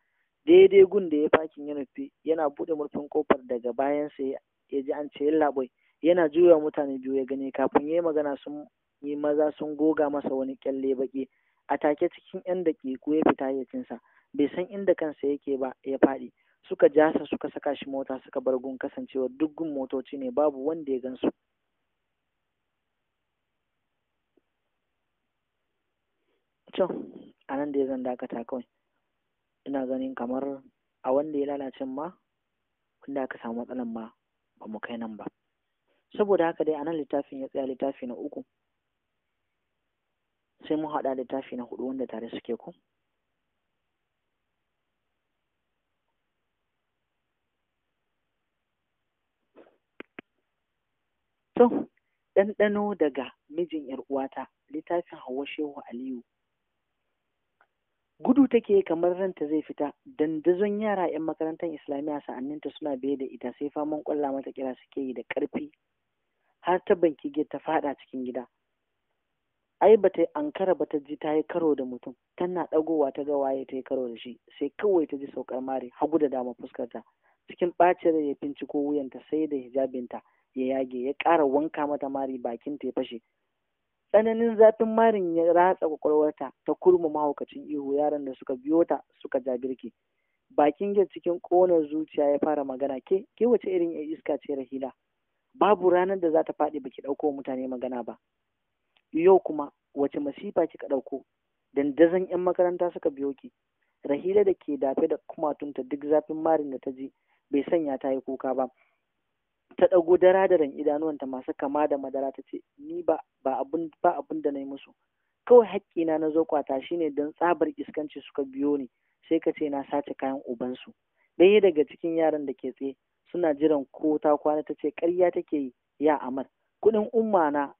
daidai gun da ya fakin ya nufi yana buɗe murfin kofar daga bayansa ya ji an ce labai yana juya mutane biyu ya gani kafin ya yi magana sun yi maza sun goga masa wani kyalle baki a take cikin yan daƙiƙu ya fita ya cinsa bai san inda kansa yake ba ya faɗi suka jasa suka saka shi mota suka bar gun kasancewa duk gun motoci ne babu wanda ya gansu can a nan da ya zan dakata kawai ina ganin kamar a wanda ya lalace ma wanda aka samu matsalan ma ba mu kai nan ba saboda haka dai a nan littafin ya tsaya littafi na uku sai mun haɗa littafi na hudu wanda tare suke ku To, ɗanɗano daga mijin ‘yar uwata, littafin Hauwa Shehu Aliyu. Gudu take kamar ranta zai fita, dandazon yara ‘yan makarantar Islamiyya sa'anninta suna biye da ita sai faman ƙwalla mata kira suke yi da ƙarfi har ta banki gid ta faɗa cikin gida. Ai ba ta ankara ba ta ji ta yi karo da mutum, tana ɗagowa ta ga waye ta yi karo da shi, sai kawai ta ji saukar mare hagu da dama fuskarta. Cikin ɓacin rai ya finciko wuyanta sai da hijabinta. ya yage ya ƙara wanka mata mari bakin ta ya fashe tsananin zafin marin ya ratsa kwakwalwarta ta kurma mahaukacin ihu yaran da suka biyo ta suka ja birki bakin gate cikin ƙonar zuciya ya fara magana ke ke wace irin iska ce rahila babu ranar da za ta faɗi baki ɗauko mutane magana ba yau kuma wace masifa kika ɗauko dandazon 'yan makaranta suka biyo ki rahila da ke dafe da kumatunta duk zafin marin da ta ji bai sanya ta yi kuka ba ta ɗago ran idanuwanta masu kama da madara ta ce ni ba abun ba abun da na yi musu kawai haƙƙina na zo kwata shine don tsabar iskanci suka biyo ni sai ka ce na sace kayan ubansu ɗaya daga cikin yaran da ke tsaye suna jiran ko ta kwana ta ce ƙarya take yi ya amar kuɗin umma na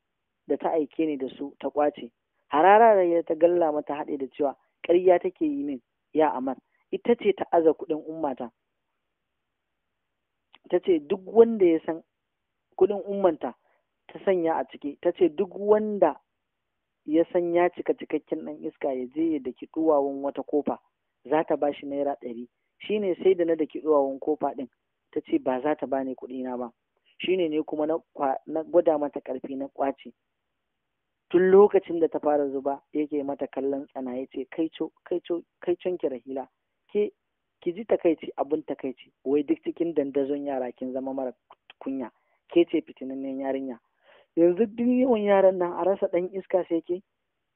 da ta aike ni da su ta kwace harara da ta galla mata haɗe da cewa ƙarya take yi min ya amar ita ce ta aza kuɗin ummata ta ce duk wanda ya san kuɗin ummanta ta sanya a ciki ta ce duk wanda ya san ya cika cikakken ɗan iska ya je ya daki ɗuwawan wata kofa za ta ba shi naira ɗari shine sai da na daki ɗuwawan kofa ɗin ta ce ba za ta bani na ba shine ne kuma na gwada mata ƙarfi na ƙwace tun lokacin da ta fara zuba yake mata kallon tsana ya ce kai co kai co ki ke ki ji takaici abin takaici wai duk cikin dandazon yara kin zama mara kunya ke ce fitinannen yarinya yanzu duk yawan yaran nan a rasa dan iska sai ke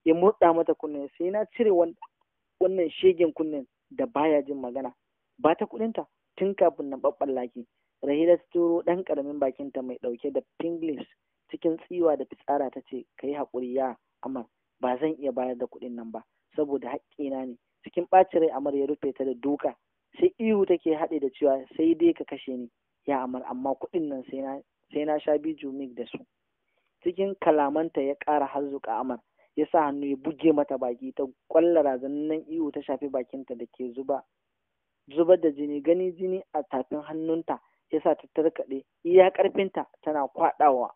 ya murda mata kunnen sai na cire wannan shegen kunnen da baya jin magana ba ta kuɗinta tun kafin na laki rahila ta turo ɗan ƙaramin bakinta mai ɗauke da pinglish cikin tsiwa da fitsara ta ce ka yi haƙuri ya amar ba zan iya bayar da kuɗin nan ba saboda haƙƙina ne cikin ɓacin rai amar ya rufe ta da duka sai ihu take haɗe da cewa sai dai ka kashe ni ya amar amma kuɗin nan sai na sha biju mig da su cikin kalamanta ya ƙara harzuka amar ya sa hannu ya buge mata baki ta kwalla razanin ihu ta shafi bakinta da ke zuba zubar da jini gani jini a tafin hannunta ya sa ta tarkaɗe iya ƙarfinta tana kwaɗawa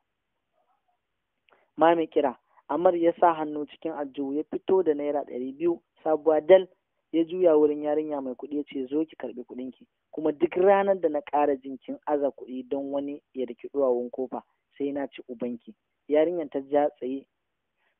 mami kira amar ya sa hannu cikin aljihu ya fito da naira ɗari biyu sabuwa dal ya juya wurin yarinya mai kuɗi ya ce zo ki karɓi kuɗin ki kuma duk ranar da na ƙara jinkin aza kuɗi don wani ya riki ɗuwawun kofa sai na ci ubanki yarinyar ta ja tsaye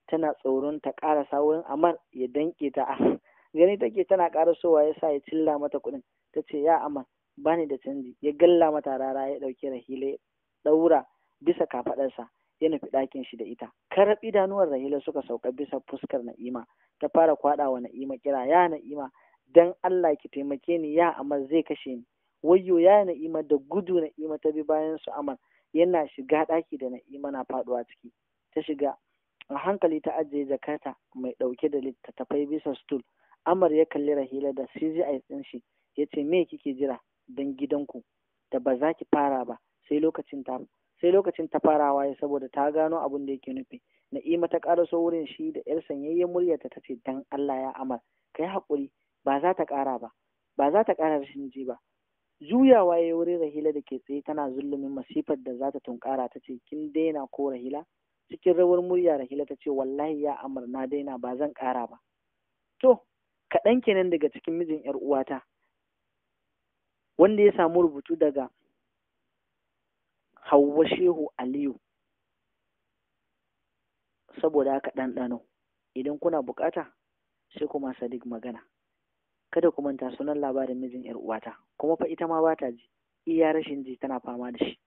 tana tsoron ta sa wurin amar ya danƙe ta a ah, gani take tana sowa ya sa ya cilla mata kuɗin ta ce ya amar bani da canji ya galla mata rara ya ɗauki rahila ya ɗaura bisa kafaɗarsa ya nufi ɗakin shi da ita karab idanuwar rahila suka sauka bisa fuskar na'ima ta fara kwaɗa wa na'ima kira ya na'ima dan allah ki taimake ni ya amal zai kashe ni wayyo ya na'ima da gudu na'ima ta bi bayan su amal yana shiga ɗaki da na'ima na faɗuwa ciki ta shiga a hankali ta ajiye jakarta mai ɗauke da littattafai bisa stool amar ya kalli rahila da cgi ɗin shi ya ce me kike jira don gidanku da ba za ki fara ba sai lokacin ta sai lokacin ta farawa ya saboda ta gano abin da yake nufi na'ima ta karaso wurin shi da yar sanyayyen muryarta ta ce dan Allah ya amar kai hakuri ba za ta ƙara ba ba za ta ƙara rashin ji ba juyawa ya wurin rahila da ke tsaye tana zullumin masifar da za ta tunkara ta ce kin daina ko rahila cikin rawar murya rahila ta ce wallahi ya amar na daina ba zan ƙara ba to kaɗan kenan daga cikin mijin yar uwata wanda ya samu rubutu daga Hauwa Shehu Aliyu saboda haka ɗanɗano idan kuna buƙata sai kuma Sadiq magana kada ku manta sunan labarin mijin yar uwata kuma fa ita ma bata ji iya rashin ji tana fama da shi